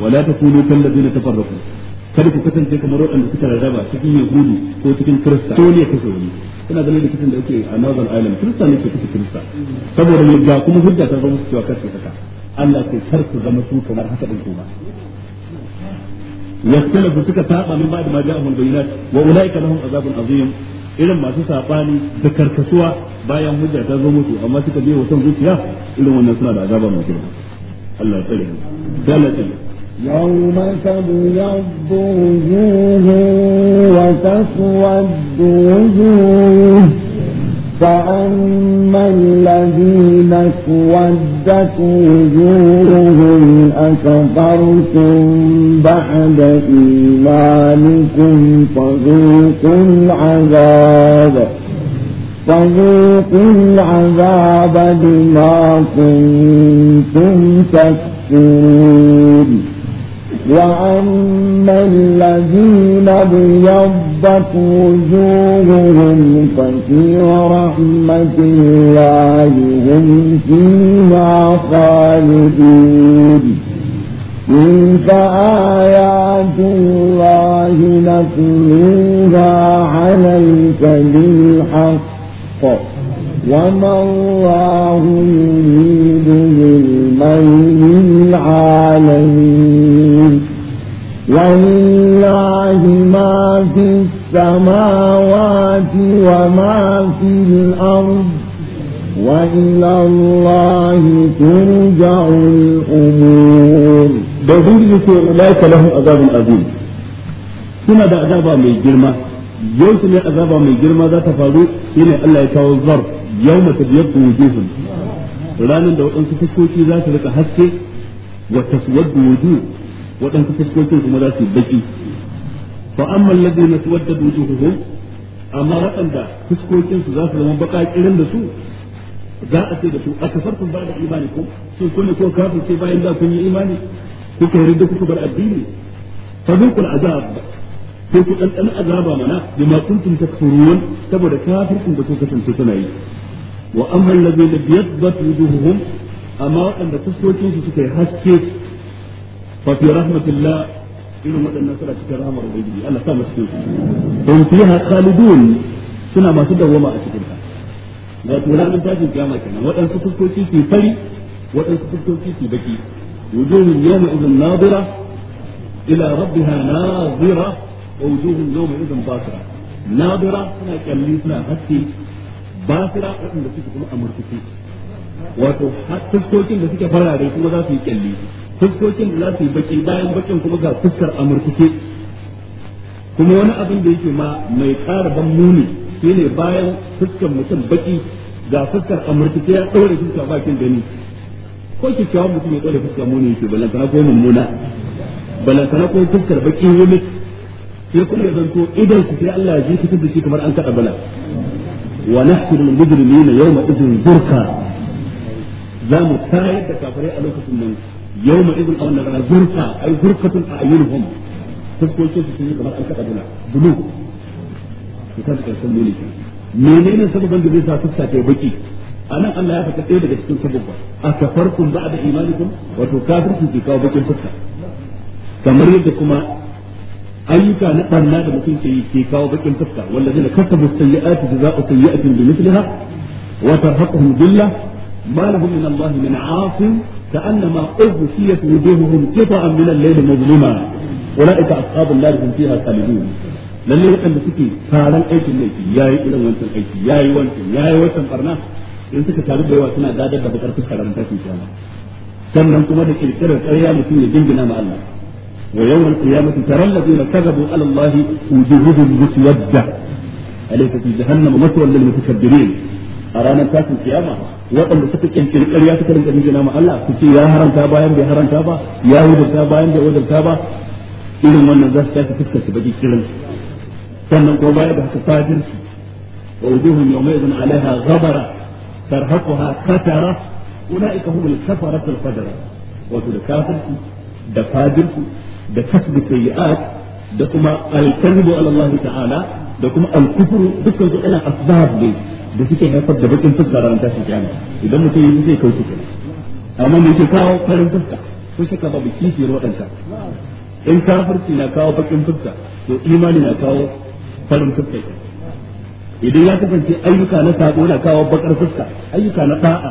Speaker 1: wala takunu kal ladina tafarraqu kada ku kasance kamar waɗanda suka rarraba cikin yahudu ko cikin kirista ko ne kashe wani ina ganin likitan da yake a northern island kirista ne ke kirista saboda ne ga kuma hujja ta zama su cewa kashe kaka. Allah ke kar zama su kamar haka din kuma واختلفوا سكا تابا من بعد ما جاءهم البينات واولئك لهم عذاب عظيم irin masu saɓani da karkasuwa bayan hujja ta zo mutu amma suka biyo son zuciya irin wannan suna da azaba mai girma Allah ya tsare
Speaker 2: sai Allah ya يوم تبيض وجوه وتسود وجوه فأما الذين اسودت وجوههم أكفرتم بعد إيمانكم فذوقوا العذاب فذوقوا العذاب بما كنتم تكفرون وأما الذين ابيضت وجوههم ففي رحمة الله هم فيها خالدون تلك آيات الله نتلوها عليك بالحق وما الله يريد للمن العالمين ولله ما في السماوات وما في الأرض وإلى الله ترجع الأمور دوبين يسوع أولئك لهم عذاب عظيم
Speaker 1: سنة عذاب من جرمة يوم سنة عذاب من جرمة ذات فاضي سنة ألا يتوذر يوم تبيض وجوههم رانا لو أنت تشوكي ذات لك حسك وتسود وجوه waɗansu fuskokin kuma za su yi baki fa amma alladhina tawaddadu wujuhuhum amma waɗanda fuskokin su za su zama baka kirin da su za a ce da su a kafartun ba da imani ko sun kunne ko kafin sai bayan da kun yi imani kuka yarda kuka bar addini fa dukul azab sai ku dan azaba mana bima kuntum takfurun saboda kafircin da kuka kasance suna yi wa amma alladhina biyaddat wujuhuhum amma waɗanda fuskokin su suka yi haske fa fi rahmatillah irin waɗannan suna cikin rahmar ubangiji Allah sa masu cikin su in fiha khalidun suna masu dawwama a cikin ta wato ranar tashin kiyama kenan waɗansu fuskoki ke fari waɗansu fuskoki ke baki wujuhun yawma idhin nadira ila rabbiha nadira wa wujuhun yawma idhin basira nadira suna kyalli suna haske basira waɗanda suke kuma amurkuki wato fuskokin da suke farare kuma za su yi kyalli fuskokin da za su yi baki bayan bakin kuma ga fuskar amurkuke kuma wani abin da yake ma mai ƙara ban muni shine bayan fuskar mutum baki ga fuskar amurkuke ya ɗaure fuska bakin gani ko cewa mutum ya ɗaure fuskar muni yake balantana ko mummuna balantana ko fuskar baki wani sai kuma ya zanto idan su sai Allah ya ji fitar da shi kamar an kaɗa bala wa nahsuru al-mujrimina yawma idhin zurka za mu tayar da kafirai a lokacin nan Yau idin a wannan rana zurfa ai zurfatun a ayyuhum fuskokin su sun yi kamar alkaɗa bula bulu su kan karshen nuni menene sababin da zai sa fuska baki anan Allah ya faɗa ɗaya daga cikin sababba a kafarkum ba'da imanikum wato kafirci ke kawo bakin fuska kamar yadda kuma ayyuka na barna da mutum ke yi ke kawo bakin fuska wanda zai kasabu sayyi'ati jazaa'u sayyi'atin bi mithliha wa tarhaquhum dhillah ma lahum min Allah min 'asim كأنما أغشيت وجوههم قطعا من الليل مظلما أولئك أصحاب النار هم فيها خالدون lalle waɗanda suke taron aikin laifi ya yi irin wancan aiki ya yi wancan ya yi wancan barna in suka taru da yawa suna dadar da bakar fuska ran tashin kiyama sannan kuma da kirkirar ƙarya mutum ya jingina ma Allah wa yawmal qiyamati taral ladina kadhabu ala Allah wujuhuhum muswadda alaysa fi jahannama maswan lil a ranar tashin kiyama waɗanda suka kirkiri ƙarya suka rinka jingina ma Allah su ce ya haranta bayan bai haranta ba ya wajabta bayan bai wajabta ba irin wannan za su tashi fuskar su baki kirin sannan ko baya da haka fajirci wa wujuhum yawma idhin alaiha ghabara tarhaquha qatara ulaika humul kafaratul fajara wato da kafirci da fajirci da kasbi sayyi'at da kuma alkalbu ala Allah ta'ala da kuma al dukkan su ina asbab ne da suke haifar da bakin fuska da ranta shi kiyama idan mutum yi zai kauce kai amma me ke kawo farin fuska ko shaka ba biki shi rodanta in kafirci na kawo bakin fuska to imani na kawo farin fuska idan ya kasance ayyuka na sabo na kawo bakar fuska ayyuka na da'a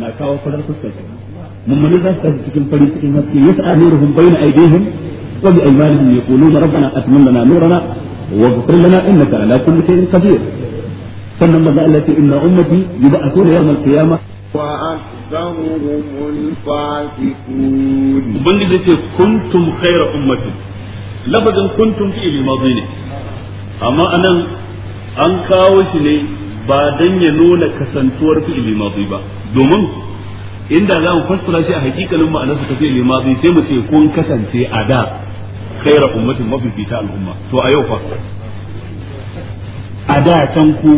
Speaker 1: na kawo farin fuska mummuni za su tafi cikin farin cikin haske yasa nuruhum bayna aydihim wa bi aymanihim yaquluna rabbana atmim lana nurana واغفر لنا انك على كل شيء قدير فلما قال ان امتي يبعثون يوم القيامه
Speaker 2: واكثرهم ce
Speaker 1: بنجد كنتم ummatin, امه لفظ كنتم في الماضي ne amma anan an kawo shi ne ba dan ya nuna kasantuwar fi'ili madi ba domin inda za mu fassara shi a hakikalin ma'anarsa ta fi'ili madi sai mu ce kun kasance a da khayra ummatin mafifita al'umma to a yau fa a da can ku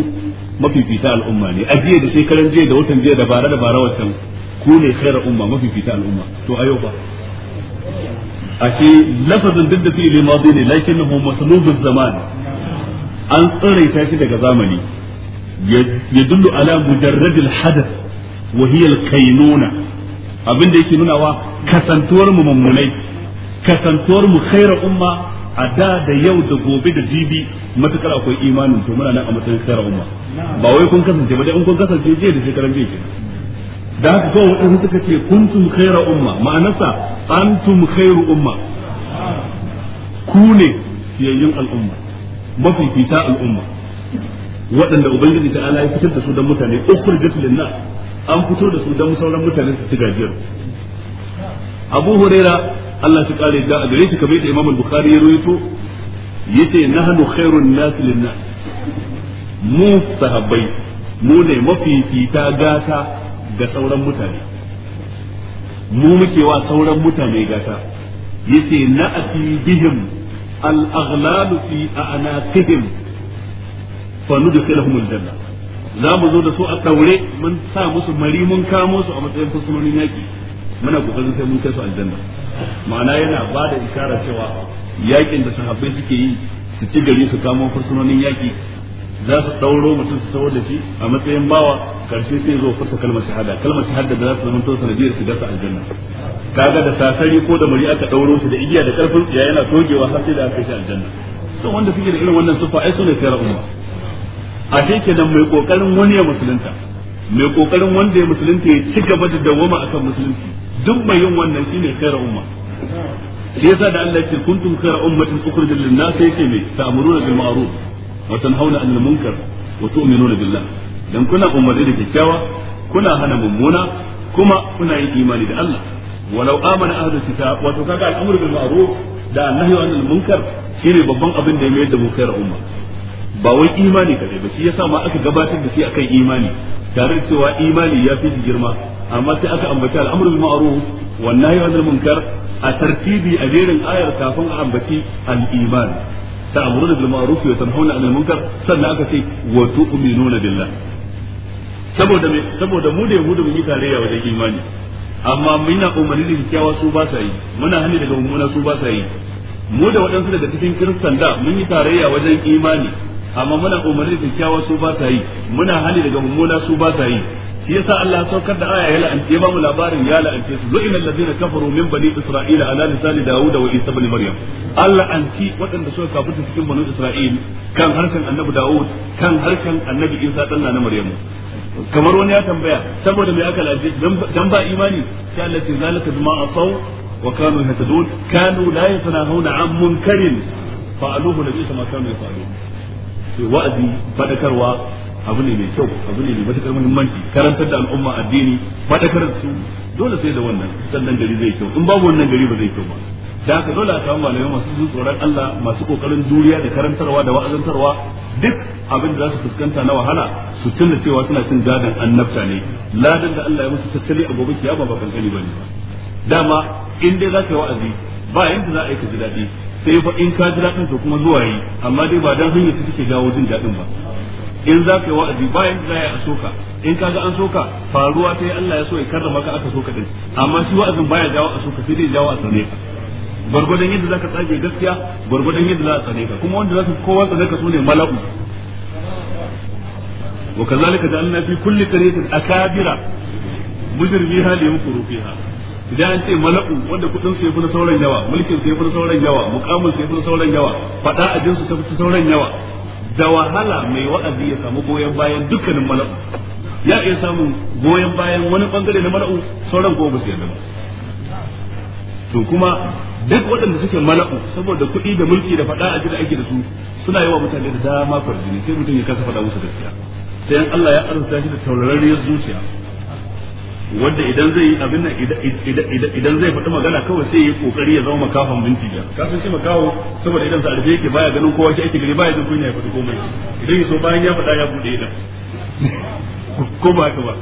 Speaker 1: mafifita al'umma ne a jiya da shekaran jiya da watan jiya da bara da bara watan ku ne khayra umma mafifita al'umma to a yau fa a ce lafazin duk da fi'ili madi ne lakinnahu maslubuz zamani an tsare shi daga zamani يدل على مجرد الحدث وهي الكينونة abin abinda yake nunawa kasantuwar mu mummunai kasantuwar mu khairar umma a da da yau da gobe da jibi matukar akwai imanin to muna nan a matsayin khairar umma ba wai kun kasance ba dai in kun kasance jiya da shekaran jiya da haka kawai waɗansu suka ce kuntum khaira umma ma'anarsa antum khairu umma ku ne fiyayyun al'umma mafifita al'umma waɗanda ubangiji ta ala ya fitar da su dan mutane ukhrijat lin-nas an fito da su dan sauran mutane su ci gajiyar Abu Huraira Allah shi kare da a gare shi kamar yadda Imam bukhari ya rawaito yace nahnu khairun nas lin-nas mu sahabbai mu ne mafi fita gata ga sauran mutane mu muke wa sauran mutane gata yace na'ati bihim al-aghlal fi a'naqihim fa nudkhiluhum al-janna za mu zo da su a daure mun sa musu mari mun kamo su a matsayin fursunonin yaki muna kokarin sai mun kai su aljanna ma'ana yana ba da isharar cewa yakin da sahabbai suke yi su ci gari su kamo fursunonin yaki za su ɗauro mutum su da shi a matsayin bawa karshe sai zo furta kalmar shahada kalmar shahada da za su zamanto sanadiyar su gasa aljanna kaga da sasari ko da muri aka ɗauro su da igiya da ƙarfin tsiya yana togewa har sai da aka shi aljanna to wanda suke da irin wannan sufa ai ne sayar umma a sai kenan mai kokarin wani ya musulunta mai kokarin wanda ya musulunta ya ci gaba da dawwama akan musulunci duk mai yin wannan shine khairu umma shi yasa da Allah ce kuntum khairu ummatin ukhrijat lin-nas sai ce me ta'muruna bil ma'ruf wa tanhauna 'anil munkar wa tu'minuna billah dan kuna umarni da kyakkyawa kuna hana mummuna kuma kuna yin imani da Allah walau amana ahlul kitab wato kaga al'amru bil ma'ruf da nahyu anil munkar shine babban abin da ya mayar da mu khairu umma ba wai imani kadai ba shi yasa ma aka gabatar da shi akan imani tare da cewa imani ya fi girma amma sai aka ambaci al'amru bil ma'ruf wan nahyi anil munkar a tartibi a jerin ayar kafin a ambaci al-iman ta'muruna bil ma'ruf wa tanhauna 'anil munkar sannan aka ce wa tu'minuna billah saboda me saboda mu da yahudu mun yi tarayya wajen imani amma muna umarni da kiyawa su ba sa yi muna hani daga mummuna su ba sa yi mu da waɗansu daga cikin kiristan da mun yi tarayya wajen imani amma muna umarni kyakkyawa su ba sa yi muna hali daga mummuna su ba sa yi shi yasa Allah ya saukar da aya ya la'anci ya bamu labarin ya la'anci su zu'ina allazina kafaru min bani isra'ila ala lisani dawuda wa isa ibn maryam Allah anci waɗanda suka kafirta cikin bani isra'ila kan harshen annabi dawud kan harshen annabi isa dan na maryam kamar wani ya tambaya saboda me aka la'anci dan ba imani sai Allah ce zalika bima asaw wa kanu yahtadun kanu la yatanahuna an munkarin fa'aluhu labi ya kanu yafalun sai wa'azi fadakarwa abu ne mai kyau abu ne mai matuƙar muhimmanci karantar da al'umma addini fadakar su dole sai da wannan sannan gari zai kyau in babu wannan gari ba zai kyau ba da haka dole a samu malamai masu jin tsoron Allah masu kokarin juriya da karantarwa da wa'azantarwa duk abin da za su fuskanta na wahala su tunda cewa suna cin gadon annabta ne ladan da Allah ya musu tattali a gobe kiyama ba kankani bane dama in dai za ka yi wa'azi ba yanda za a yi ka ji daɗi sai fa in ka ji daɗin to kuma zuwa yi amma dai ba dan hanyar su take jawo jin daɗin ba in za ka yi wa'azi bayan za a soka in ka ga an soka faruwa sai Allah ya so ya karrama ka aka soka din amma shi wa'azin baya jawo a soka sai dai jawo a tsane ka gwargwadon yadda za ka tsage gaskiya gwargwadon yadda za a tsane ka kuma wanda za su kowa tsare ka sune mala'u وكذلك جعلنا في كل قرية أكابر مجرميها ليمكروا fiha idan an ce mala'u wanda kudin su yafi na sauran yawa mulkin su yafi na sauran yawa mukamin su yafi na sauran yawa fada jinsu ta fi sauran yawa da wahala mai wa'azi ya samu goyon bayan dukkanin mala'u ya iya samun goyon bayan wani bangare na mala'u sauran goma su yadda ba to kuma duk waɗanda suke mala'u saboda kuɗi da mulki da faɗa a da ake da su suna yi wa mutane da dama farjini sai mutum ya kasa faɗa musu gaskiya sai Allah ya arzuta shi da taurarriyar zuciya wanda idan zai abin nan idan zai faɗi magana kawai sai yi kokari ya zama makafan binci biyar kasan shi makawo saboda idan sa albe yake baya ganin kowa shi ake gari baya jin kunya ya faɗi komai idan ya so bayan ya faɗa ya buɗe idan ko ba haka ba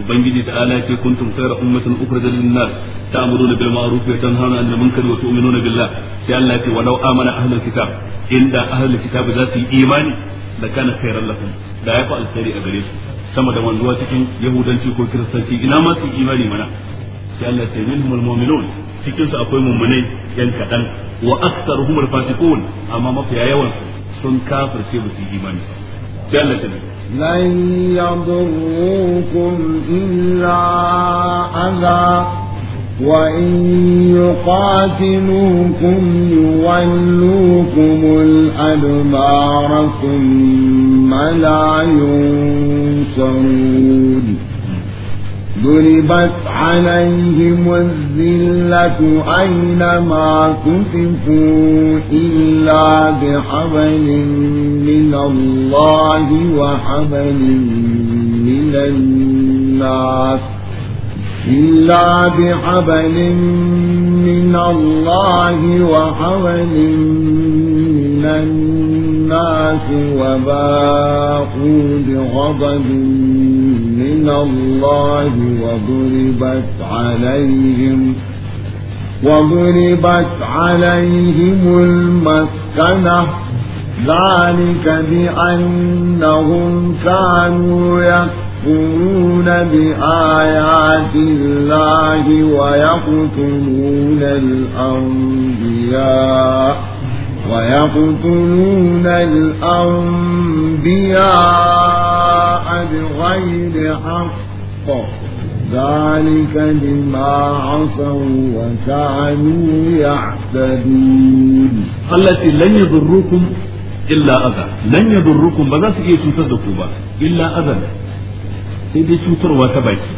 Speaker 1: ubangiji ta ala ce kuntum khayra ummatin ukhrijat lin-nas ta'muruna bil ma'ruf wa tanhauna 'anil munkar wa tu'minuna billah sai Allah ya ce walau amana ahlul kitab inda ahlul kitab za su yi imani da kana khayran lahum da ya fa alkhairi a gare su sama da wanzuwa cikin yahudanci ko kiristanci ina ma su imani mana sai Allah ta min mu'minun cikin su akwai mu'minai yan kadan wa aktsaruhum al-fasiqun amma mafiya yawan sun kafirce ba su imani
Speaker 2: sai Allah ta lan illa adha وإن يقاتلوكم يولوكم الأدبار ثم لا ينصرون ضربت عليهم الذلة أينما كتفوا إلا بحبل من الله وحبل من الناس إلا بحبل من الله وحبل من الناس وباءوا بغضب من الله وضربت عليهم وضربت عليهم المسكنة ذلك بأنهم كانوا يكفرون يكفرون بآيات الله ويقتلون الأنبياء ويقتلون الأنبياء بغير حق ذلك بما عصوا وكانوا يعتدون التي لن يضركم
Speaker 1: إلا أذى لن يضركم بذلك يسوس الدكوبة إلا أذى sai dai cutarwa ta baki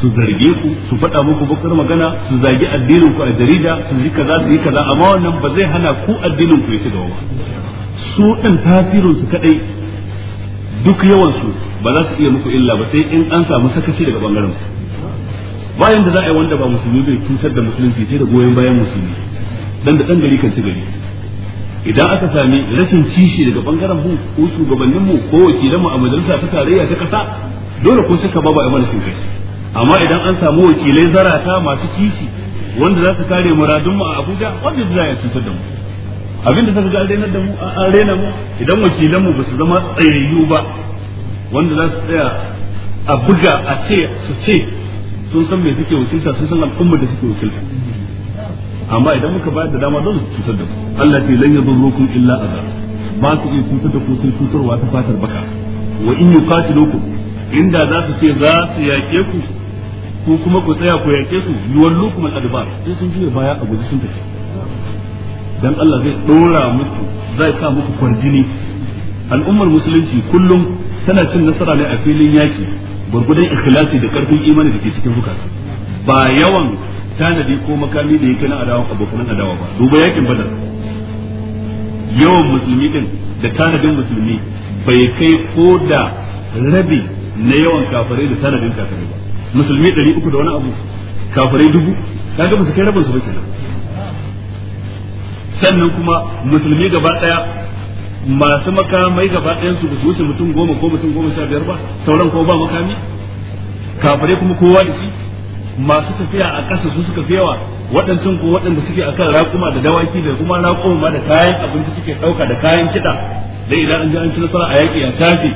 Speaker 1: su zarge ku su faɗa muku bakar magana su zagi addinin ku a jarida su ji kaza su yi kaza amma wannan ba zai hana ku addinin ku ya shiga ba su dan tasirin su kadai duk yawan su ba za su iya muku illa ba sai in an samu sakaci daga bangaren ku bayan da za a yi wanda ba musulmi bai cutar da musulunci sai da goyon bayan musulmi dan da dan gari kan ci gari idan aka sami rashin kishi daga bangaren mu ko shugabannin mu ko wakilan mu a majalisa ta tarayya ta kasa dole ko suka ba ba mana sun kai amma idan an samu wakilai zarata masu kishi wanda za su kare muradun mu a Abuja wanda za ya cutar da mu abinda suka ga alainar da mu a rena mu idan wakilan mu ba su zama tsayayyu ba wanda za su tsaya a buga a ce su ce sun san me suke wakilta sun san al'ummar da suke wakilta amma idan muka bayar da dama dole su cutar da mu Allah ce lan yadurrukum illa azab ba su iya cutar da ku sai cutarwa ta fatar baka wa in yuqatilukum inda za su ce za su yake ku ko kuma ku tsaya ku yaƙe su yuwallu lokuma albar sai sun juya baya a guji sun tafi dan Allah zai dora musu zai sa muku kwarjini al'ummar musulunci kullum tana cin nasara ne a filin yaki gurgudan ikhlasi da karfin imani da ke cikin zukata ba yawan tanadi ko makami da yake na adawa abokan adawa ba duba yakin badar yawan musulmi din da tanadin musulmi bai kai ko da rabi na yawan kafirai da sanadin kafirai ba musulmi ɗari uku da wani abu kafirai dubu kaga ba su kai rabin su ba kenan sannan kuma musulmi gaba ɗaya masu makamai gaba ɗayan su su wuce mutum goma ko mutum goma sha biyar ba sauran ko ba makami kafirai kuma kowa da shi masu tafiya a ƙasa su suka fi yawa waɗancan ko waɗanda suke a kan raƙuma da dawaki da kuma raƙuma da kayan abinci suke ɗauka da kayan kiɗa dai idan an ji an ci nasara a yaƙi a tashi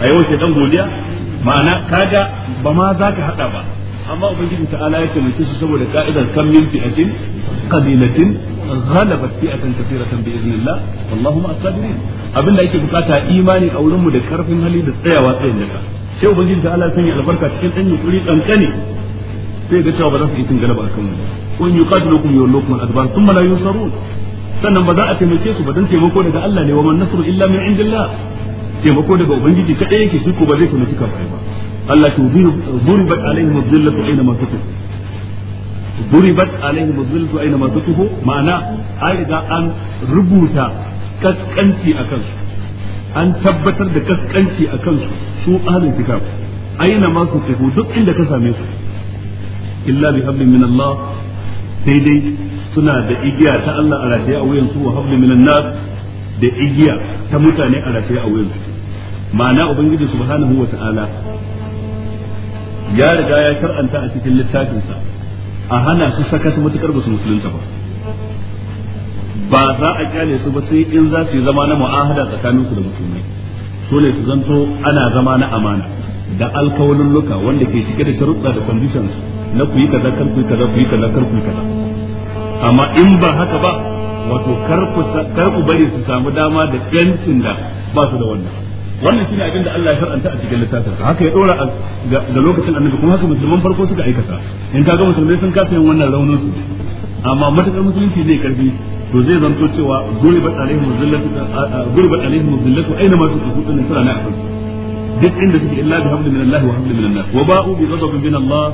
Speaker 1: a yawan shi dan godiya ma'ana kaga ba ma za ka hada ba amma ubangiji ta'ala ya taimake su saboda ka'idar kan min fi'atin qalilatin ghalabat fi'atan kathiratan bi idnillah wallahu ma as-sabirin abinda yake bukata imani a wurin mu da karfin hali da tsayawa tsayin daka sai ubangiji ta'ala sun sanya albarka cikin dan yukuri kankane sai ga cewa ba za su yi galaba akan mu kun yuqatilukum yawlukum al-adbar thumma la yunsarun sannan ba za a taimake su ba dan taimako daga Allah ne wa man nasru illa min indillah taimako daga ubangiji kadai yake shi ko ba zai taimaki kafirai ba Allah ta duribat alaihim dhillatu aina ma tutu bat alaihim dhillatu aina ma tutu ma'ana ai riga an rubuta kaskanci a kansu. an tabbatar da kaskanci a kansu su ahlul kitab aina ma su tafi duk inda ka same su illa bi hablin min Allah sai dai suna da igiya ta Allah a rataye a wuyan su wa hablin minan nas da igiya ta mutane a rataye a wuyan su ma'ana ubangiji subhanahu wa ya riga ya shar'anta a cikin littafinsa a hana su saka su matukar ba su musulunta ba ba za a kyale su ba sai in za su yi zama na mu'ahada tsakanin su da musulmai so ne su zanto ana zama na amana da alkawalin luka wanda ke cike da sharuɗa da conditions na ku yi kaza kar ku yi kaza ku yi kaza kar ku yi kaza amma in ba haka ba wato kar ku bari su samu dama da yancin da ba su da wannan wannan shine abin da Allah ya faranta a cikin littafinsa haka ya dora ga lokacin annabi kuma haka musulman farko suka aikata in kaga musulmai sun kasa yin wannan raunin su amma matakar musulunci zai karfi to zai zanto cewa gurbat alaihim zillatu gurbat alaihim zillatu aina ma suka kudu suna na akan duk inda suke illa bi hablin minallahi wa hablin minannas wa ba'u bi ghadabin minallah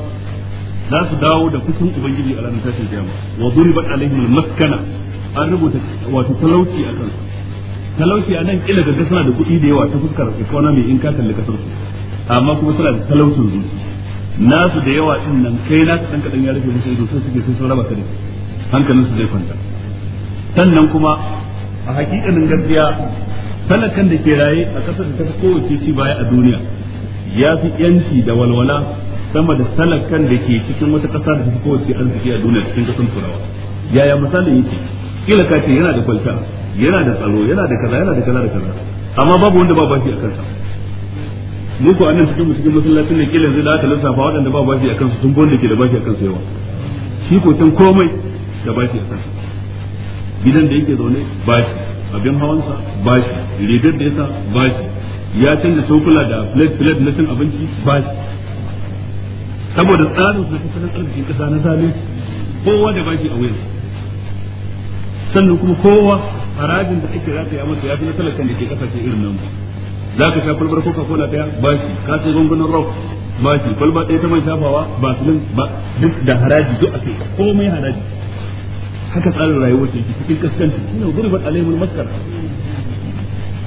Speaker 1: za su dawo da kusan ubangiji a ranar tashin kiyama wa gurbat alaihim maskana an rubuta wato talauci a su talauci a nan kila ga suna da kuɗi da yawa ta fuskar economy in ka kalli kasar su amma kuma suna da talaucin zuci nasu da yawa din nan kai na san kadan ya rufe musu ido sai suke sun raba ka da hankalin su zai kwanta sannan kuma a hakikanin gaskiya talakan da ke raye a kasar da ta kowace ci baya a duniya ya fi yanci da walwala sama da talakan da ke cikin wata kasa da ta kowace arziki a duniya cikin kasan turawa yaya misalin yake kila ka yana da kwalta yana da tsaro yana da kaza yana da kaza da kaza amma babu wanda ba bashi a kansa mu ko annan cikin cikin masallacin ne kila yanzu da aka lissafa waɗanda ba bashi a kansu sun gonda ke da bashi a kansu yawa shi ko tun komai da bashi a kansa gidan da yake zaune bashi abin hawansa bashi rigar da yasa bashi ya canza sokula da plate plate na cin abinci bashi saboda tsarin su tattalin arzikin kasa na zalunci kowa da bashi a wayansa sannan kuma kowa harajin da ake yi masa ya fi na talakan da ke kasashe irin nan za ka sha kwalbar ko cola daya ba shi ka sai gungunan rock ba shi kwalba ɗaya ta man shafawa ba su ba duk da haraji duk akai komai haraji haka tsarin rayuwar ta yake cikin kaskanci shine gurbat alaimun maskar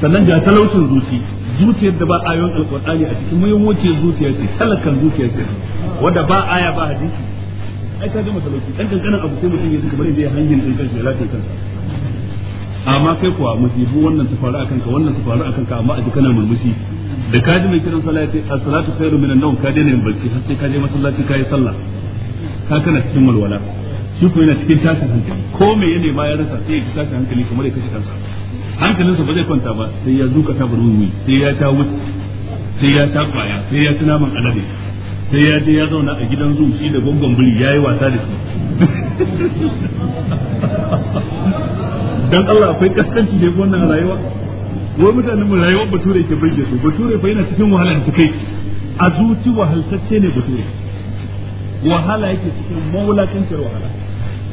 Speaker 1: sannan ga talaucin zuci zuciyar da ba a ayoyin alqur'ani a cikin muhimmancin zuciya ce talakan zuciya ce wanda ba aya ba hadisi ai ka ga matalauci dan kankanin abu sai mutum ya ji kamar zai hangin din kansa ya lafiya kansa amma kai kuwa musibu wannan ta faru akan ka wannan ta faru akan ka amma a kana murmushi da ka ji mai kiran salati ya ce salatu khairu minan nawm ka daina yin barci har sai ka je masallaci ka yi sallah ka kana cikin walwala shi ko yana cikin tashin hankali ko me yana ma ya rasa sai ya tashin hankali kamar ya kashe kansa hankalinsa ba zai kwanta ba sai ya zuka ta burumi sai ya ta wuce sai ya ta kwaya sai ya ci naman alade sai ya je ya zauna a gidan zu shi da gongon biri yayi wasa da shi [LAUGHS] dan Allah akwai kaskanci da wannan rayuwa wai mutanen mu rayuwar bature ke burge su bature fa yana cikin wahala da kai a zuci wahaltacce ne bature wahala yake cikin mawulakancin wahala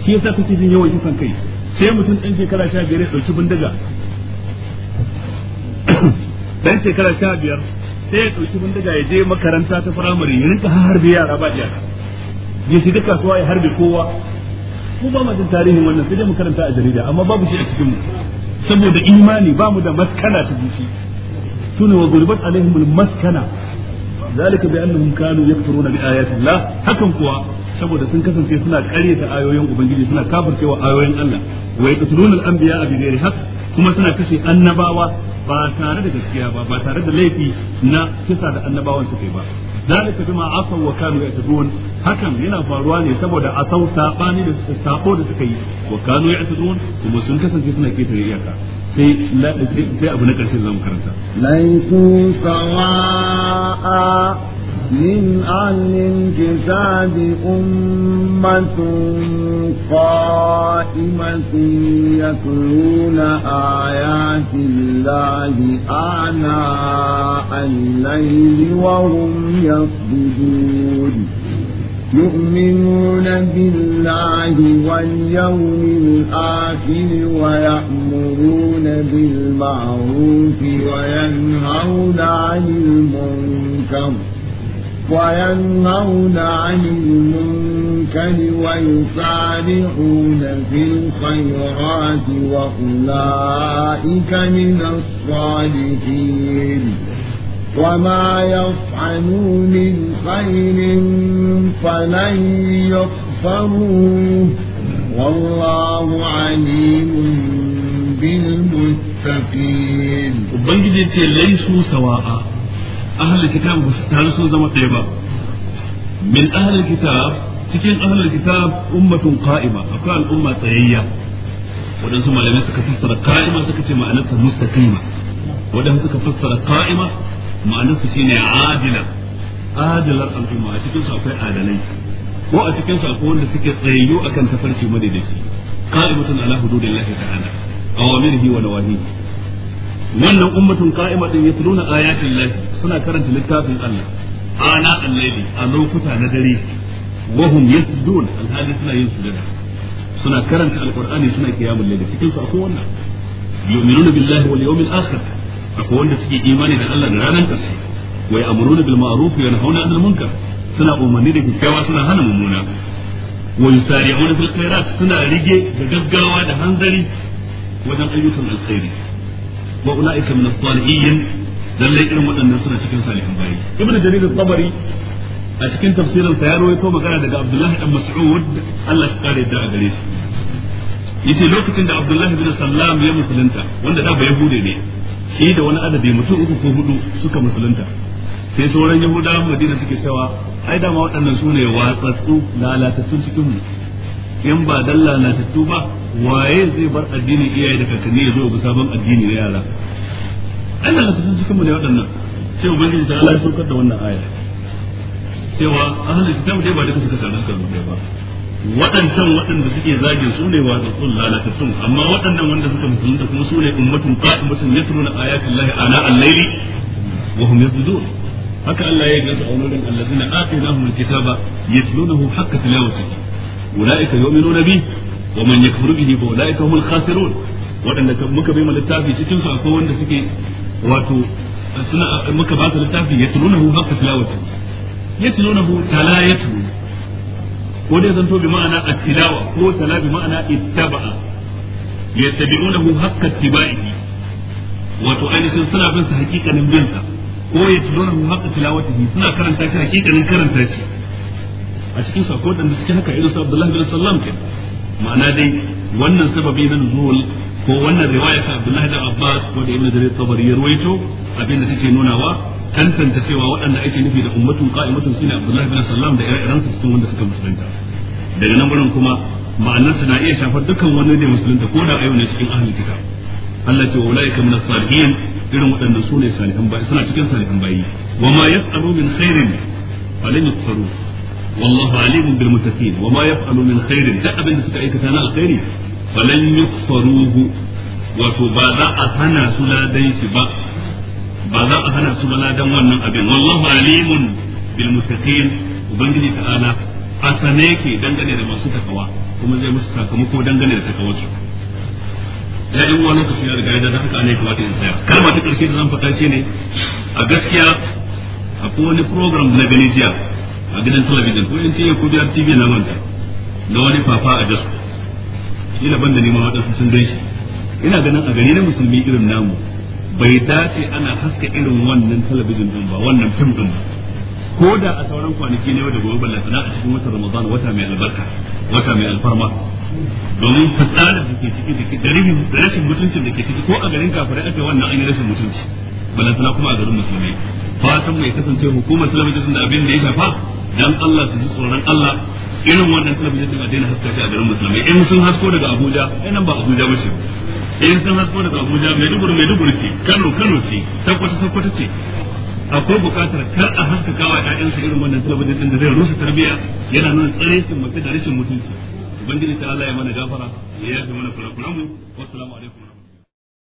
Speaker 1: shi yasa kake jin yawan isan kai sai mutum ɗan shekara sha biyar ya ɗauki bindiga Dan [COUGHS] shekara sha biyar sai ya ɗauki bindiga ya je makaranta ta firamare ya rinka harbe yara ba iyaka ya shiga kasuwa ya harbe kowa mu ba mu jin tarihin wannan sai dai mu karanta a jarida amma babu shi a cikin mu saboda imani ba mu da maskana ta zuci tuna wa gurbat alaihim almaskana zalika bi annahum kanu yakfuruna bi ayati Allah hakan kuwa saboda sun kasance suna karyata ayoyin ubangiji suna kafircewa ayoyin Allah wa yaqtuluna al-anbiya bi ghairi haqq kuma suna kashe annabawa ba tare da gaskiya ba ba tare da laifi na kisa da annabawan suka yi ba zalika bima asaw wa kanu ya'tadun hakan yana faruwa ne saboda asau sabani da sabo da suka yi wa kanu ya'tadun kuma sun kasance suna ketare
Speaker 2: iyaka sai
Speaker 1: sai abu na karshe zamu karanta
Speaker 2: laisu sawa'a من أهل الكتاب أمة قائمة يتلون آيات الله آناء الليل وهم يسجدون يؤمنون بالله واليوم الآخر ويأمرون بالمعروف وينهون عن المنكر وينهون عن المنكر ويسارعون في الخيرات وأولئك من الصالحين وما يفعلوا من خير فلن يكفروه والله عليم بالمتقين وبنجد
Speaker 1: ليسوا سواء ahlul kitab sun zama ɗaya ba min ahlul cikin ahlul ummatun qa'ima akwai al'umma tsayayya waɗansu malamai suka fassara qa'ima suka ce ma'anarsa mustaqima waɗansu suka fassara qa'ima ma'anarsa shine adalar al'umma a cikin akwai adalai ko a cikin wanda suke tsayayyu akan tafarki madaidaici qa'imatun ala hududillahi ta'ala awamirihi wa nawahihi wannan ummatun kaima din yatluna ayatin lahi suna karanta littafin Allah ana al-layli a lokuta na dare wa yasjudun alhali suna yin sujada suna karanta alqur'ani suna qiyamul layli cikin su akwai wannan yu'minuna billahi wal yawmil akhir akwai wanda suke imani da Allah da ranar ƙarshe wa ya'muruna bil ma'ruf wa yanhauna 'anil munkar suna umarni da kyakkyawa suna hana mummuna wa yusari'una fil khairat suna rige da gaggawa da hanzari wajen ayyukan alkhairi wa ulaika min as-salihin lallai irin waɗannan suna cikin salihan bayi ibnu jarir at-tabari a cikin tafsirin sa ya rawaito magana daga abdullahi dan mas'ud Allah ya kare da a gare shi yace lokacin da abdullahi bin sallam ya musulunta wanda da ba yahude ne shi da wani adadi mutum uku ko hudu suka musulunta sai sauran yahudawa madina suke cewa ai dama waɗannan su ne watsatsu lalatattu cikin mu in ba dan lalatattu ba waye zai bar addini iyaye da kakanni ya zo ga sabon addini na yara Allah na cikin cikin mu ne waɗannan sai ubangiji ta Allah ya saukar da wannan aya cewa ahlul kitab dai ba duka suka tsara suka zo ba waɗancan waɗanda suke zagin su ne lalata sun amma waɗannan wanda suka musulunta kuma su ne ummatun qa'imatun yatluna ayatin lahi ana al-layli wa hum yasjudun haka Allah ya gasa a wurin allazina atainahum al-kitaba yatlunahu haqqa tilawatihi ulaika yu'minuna bihi wa man yakfuru bihi fa ulaika humul khasirun wadanda muka bai littafi cikin su akwai wanda suke wato suna muka ba su littafi yatlunahu haqqa tilawati yatlunahu talayatu ko dai zanto bi ma'ana at-tilawa ko tala bi ma'ana ittaba'a yattabi'unahu haqqa ittiba'ihi wato ainihin suna bin sa suna karanta shi hakikanin karanta shi a cikin sa ko dan haka irin sa Abdullahi bin Sallam kenan ma'ana dai wannan sababi na nuzul ko wannan riwaya ta Abdullahi da Abbas ko da Ibn Jarir Tabari ya ruwaito abinda take nunawa tantance cewa waɗanda ake nufi da ummatun qa'imatun sune Abdullahi bin Sallam da ire-iren cikin wanda suka musulunta daga nan gurin kuma ma'anar na iya shafar dukkan wani da musulunta ko da ayyuna cikin ahlul kitab Allah ce wa ulaika min as-salihin irin waɗannan sune salihan suna cikin salihan bayi wa ma yas'alu min khairin falan yakfuru wallahu alimun bil muttaqin wa ma yaf'alu min khairin duk abin da suka aikata na alkhairi falan yukfaruhu wato ba za a hana su ladan ba ba za a hana su ba ladan wannan abin wallahu alimun bil muttaqin ubangiji ta'ala a sane yake dangane da masu takawa kuma zai musu sakamako dangane da ya yi wani lokaci ya riga da haka ne in saya. kalma ta karshe da zan faɗa shi ne a gaskiya akwai wani program na gani jiya a gidan talabijin ko in ce ko biyar tv na manta na wani fafa a jasko ban da nema waɗansu sun gan shi ina ganin a gari na musulmi irin namu bai dace ana haska irin wannan talabijin din ba wannan fim din ba ko da a sauran kwanaki ne da gobe balla sana a cikin watan ramadan wata mai albarka wata mai alfarma domin fasalar da ke ciki da rubin rashin mutuncin da ke ciki ko a garin kafirai ake wannan an yi rashin mutunci balla sana kuma a garin musulmi. fatan mai kasance hukumar talabijin da abin da ya shafa dan Allah su ji tsoron Allah irin wannan talabijin din a daina haska shi a garin musulmi in sun hasko daga Abuja ai nan ba Abuja ba ce in sun hasko daga Abuja Maiduguri Maiduguri ce Kano Kano ce Sokoto Sokoto ce akwai bukatar kar a haskaka wa ƴaƴansu irin wannan talabijin din da zai rusa tarbiyya yana nuna tsarin mace da rashin mutunci ubangiji ta Allah ya mana gafara ya yafe mana kurakuranmu wassalamu alaikum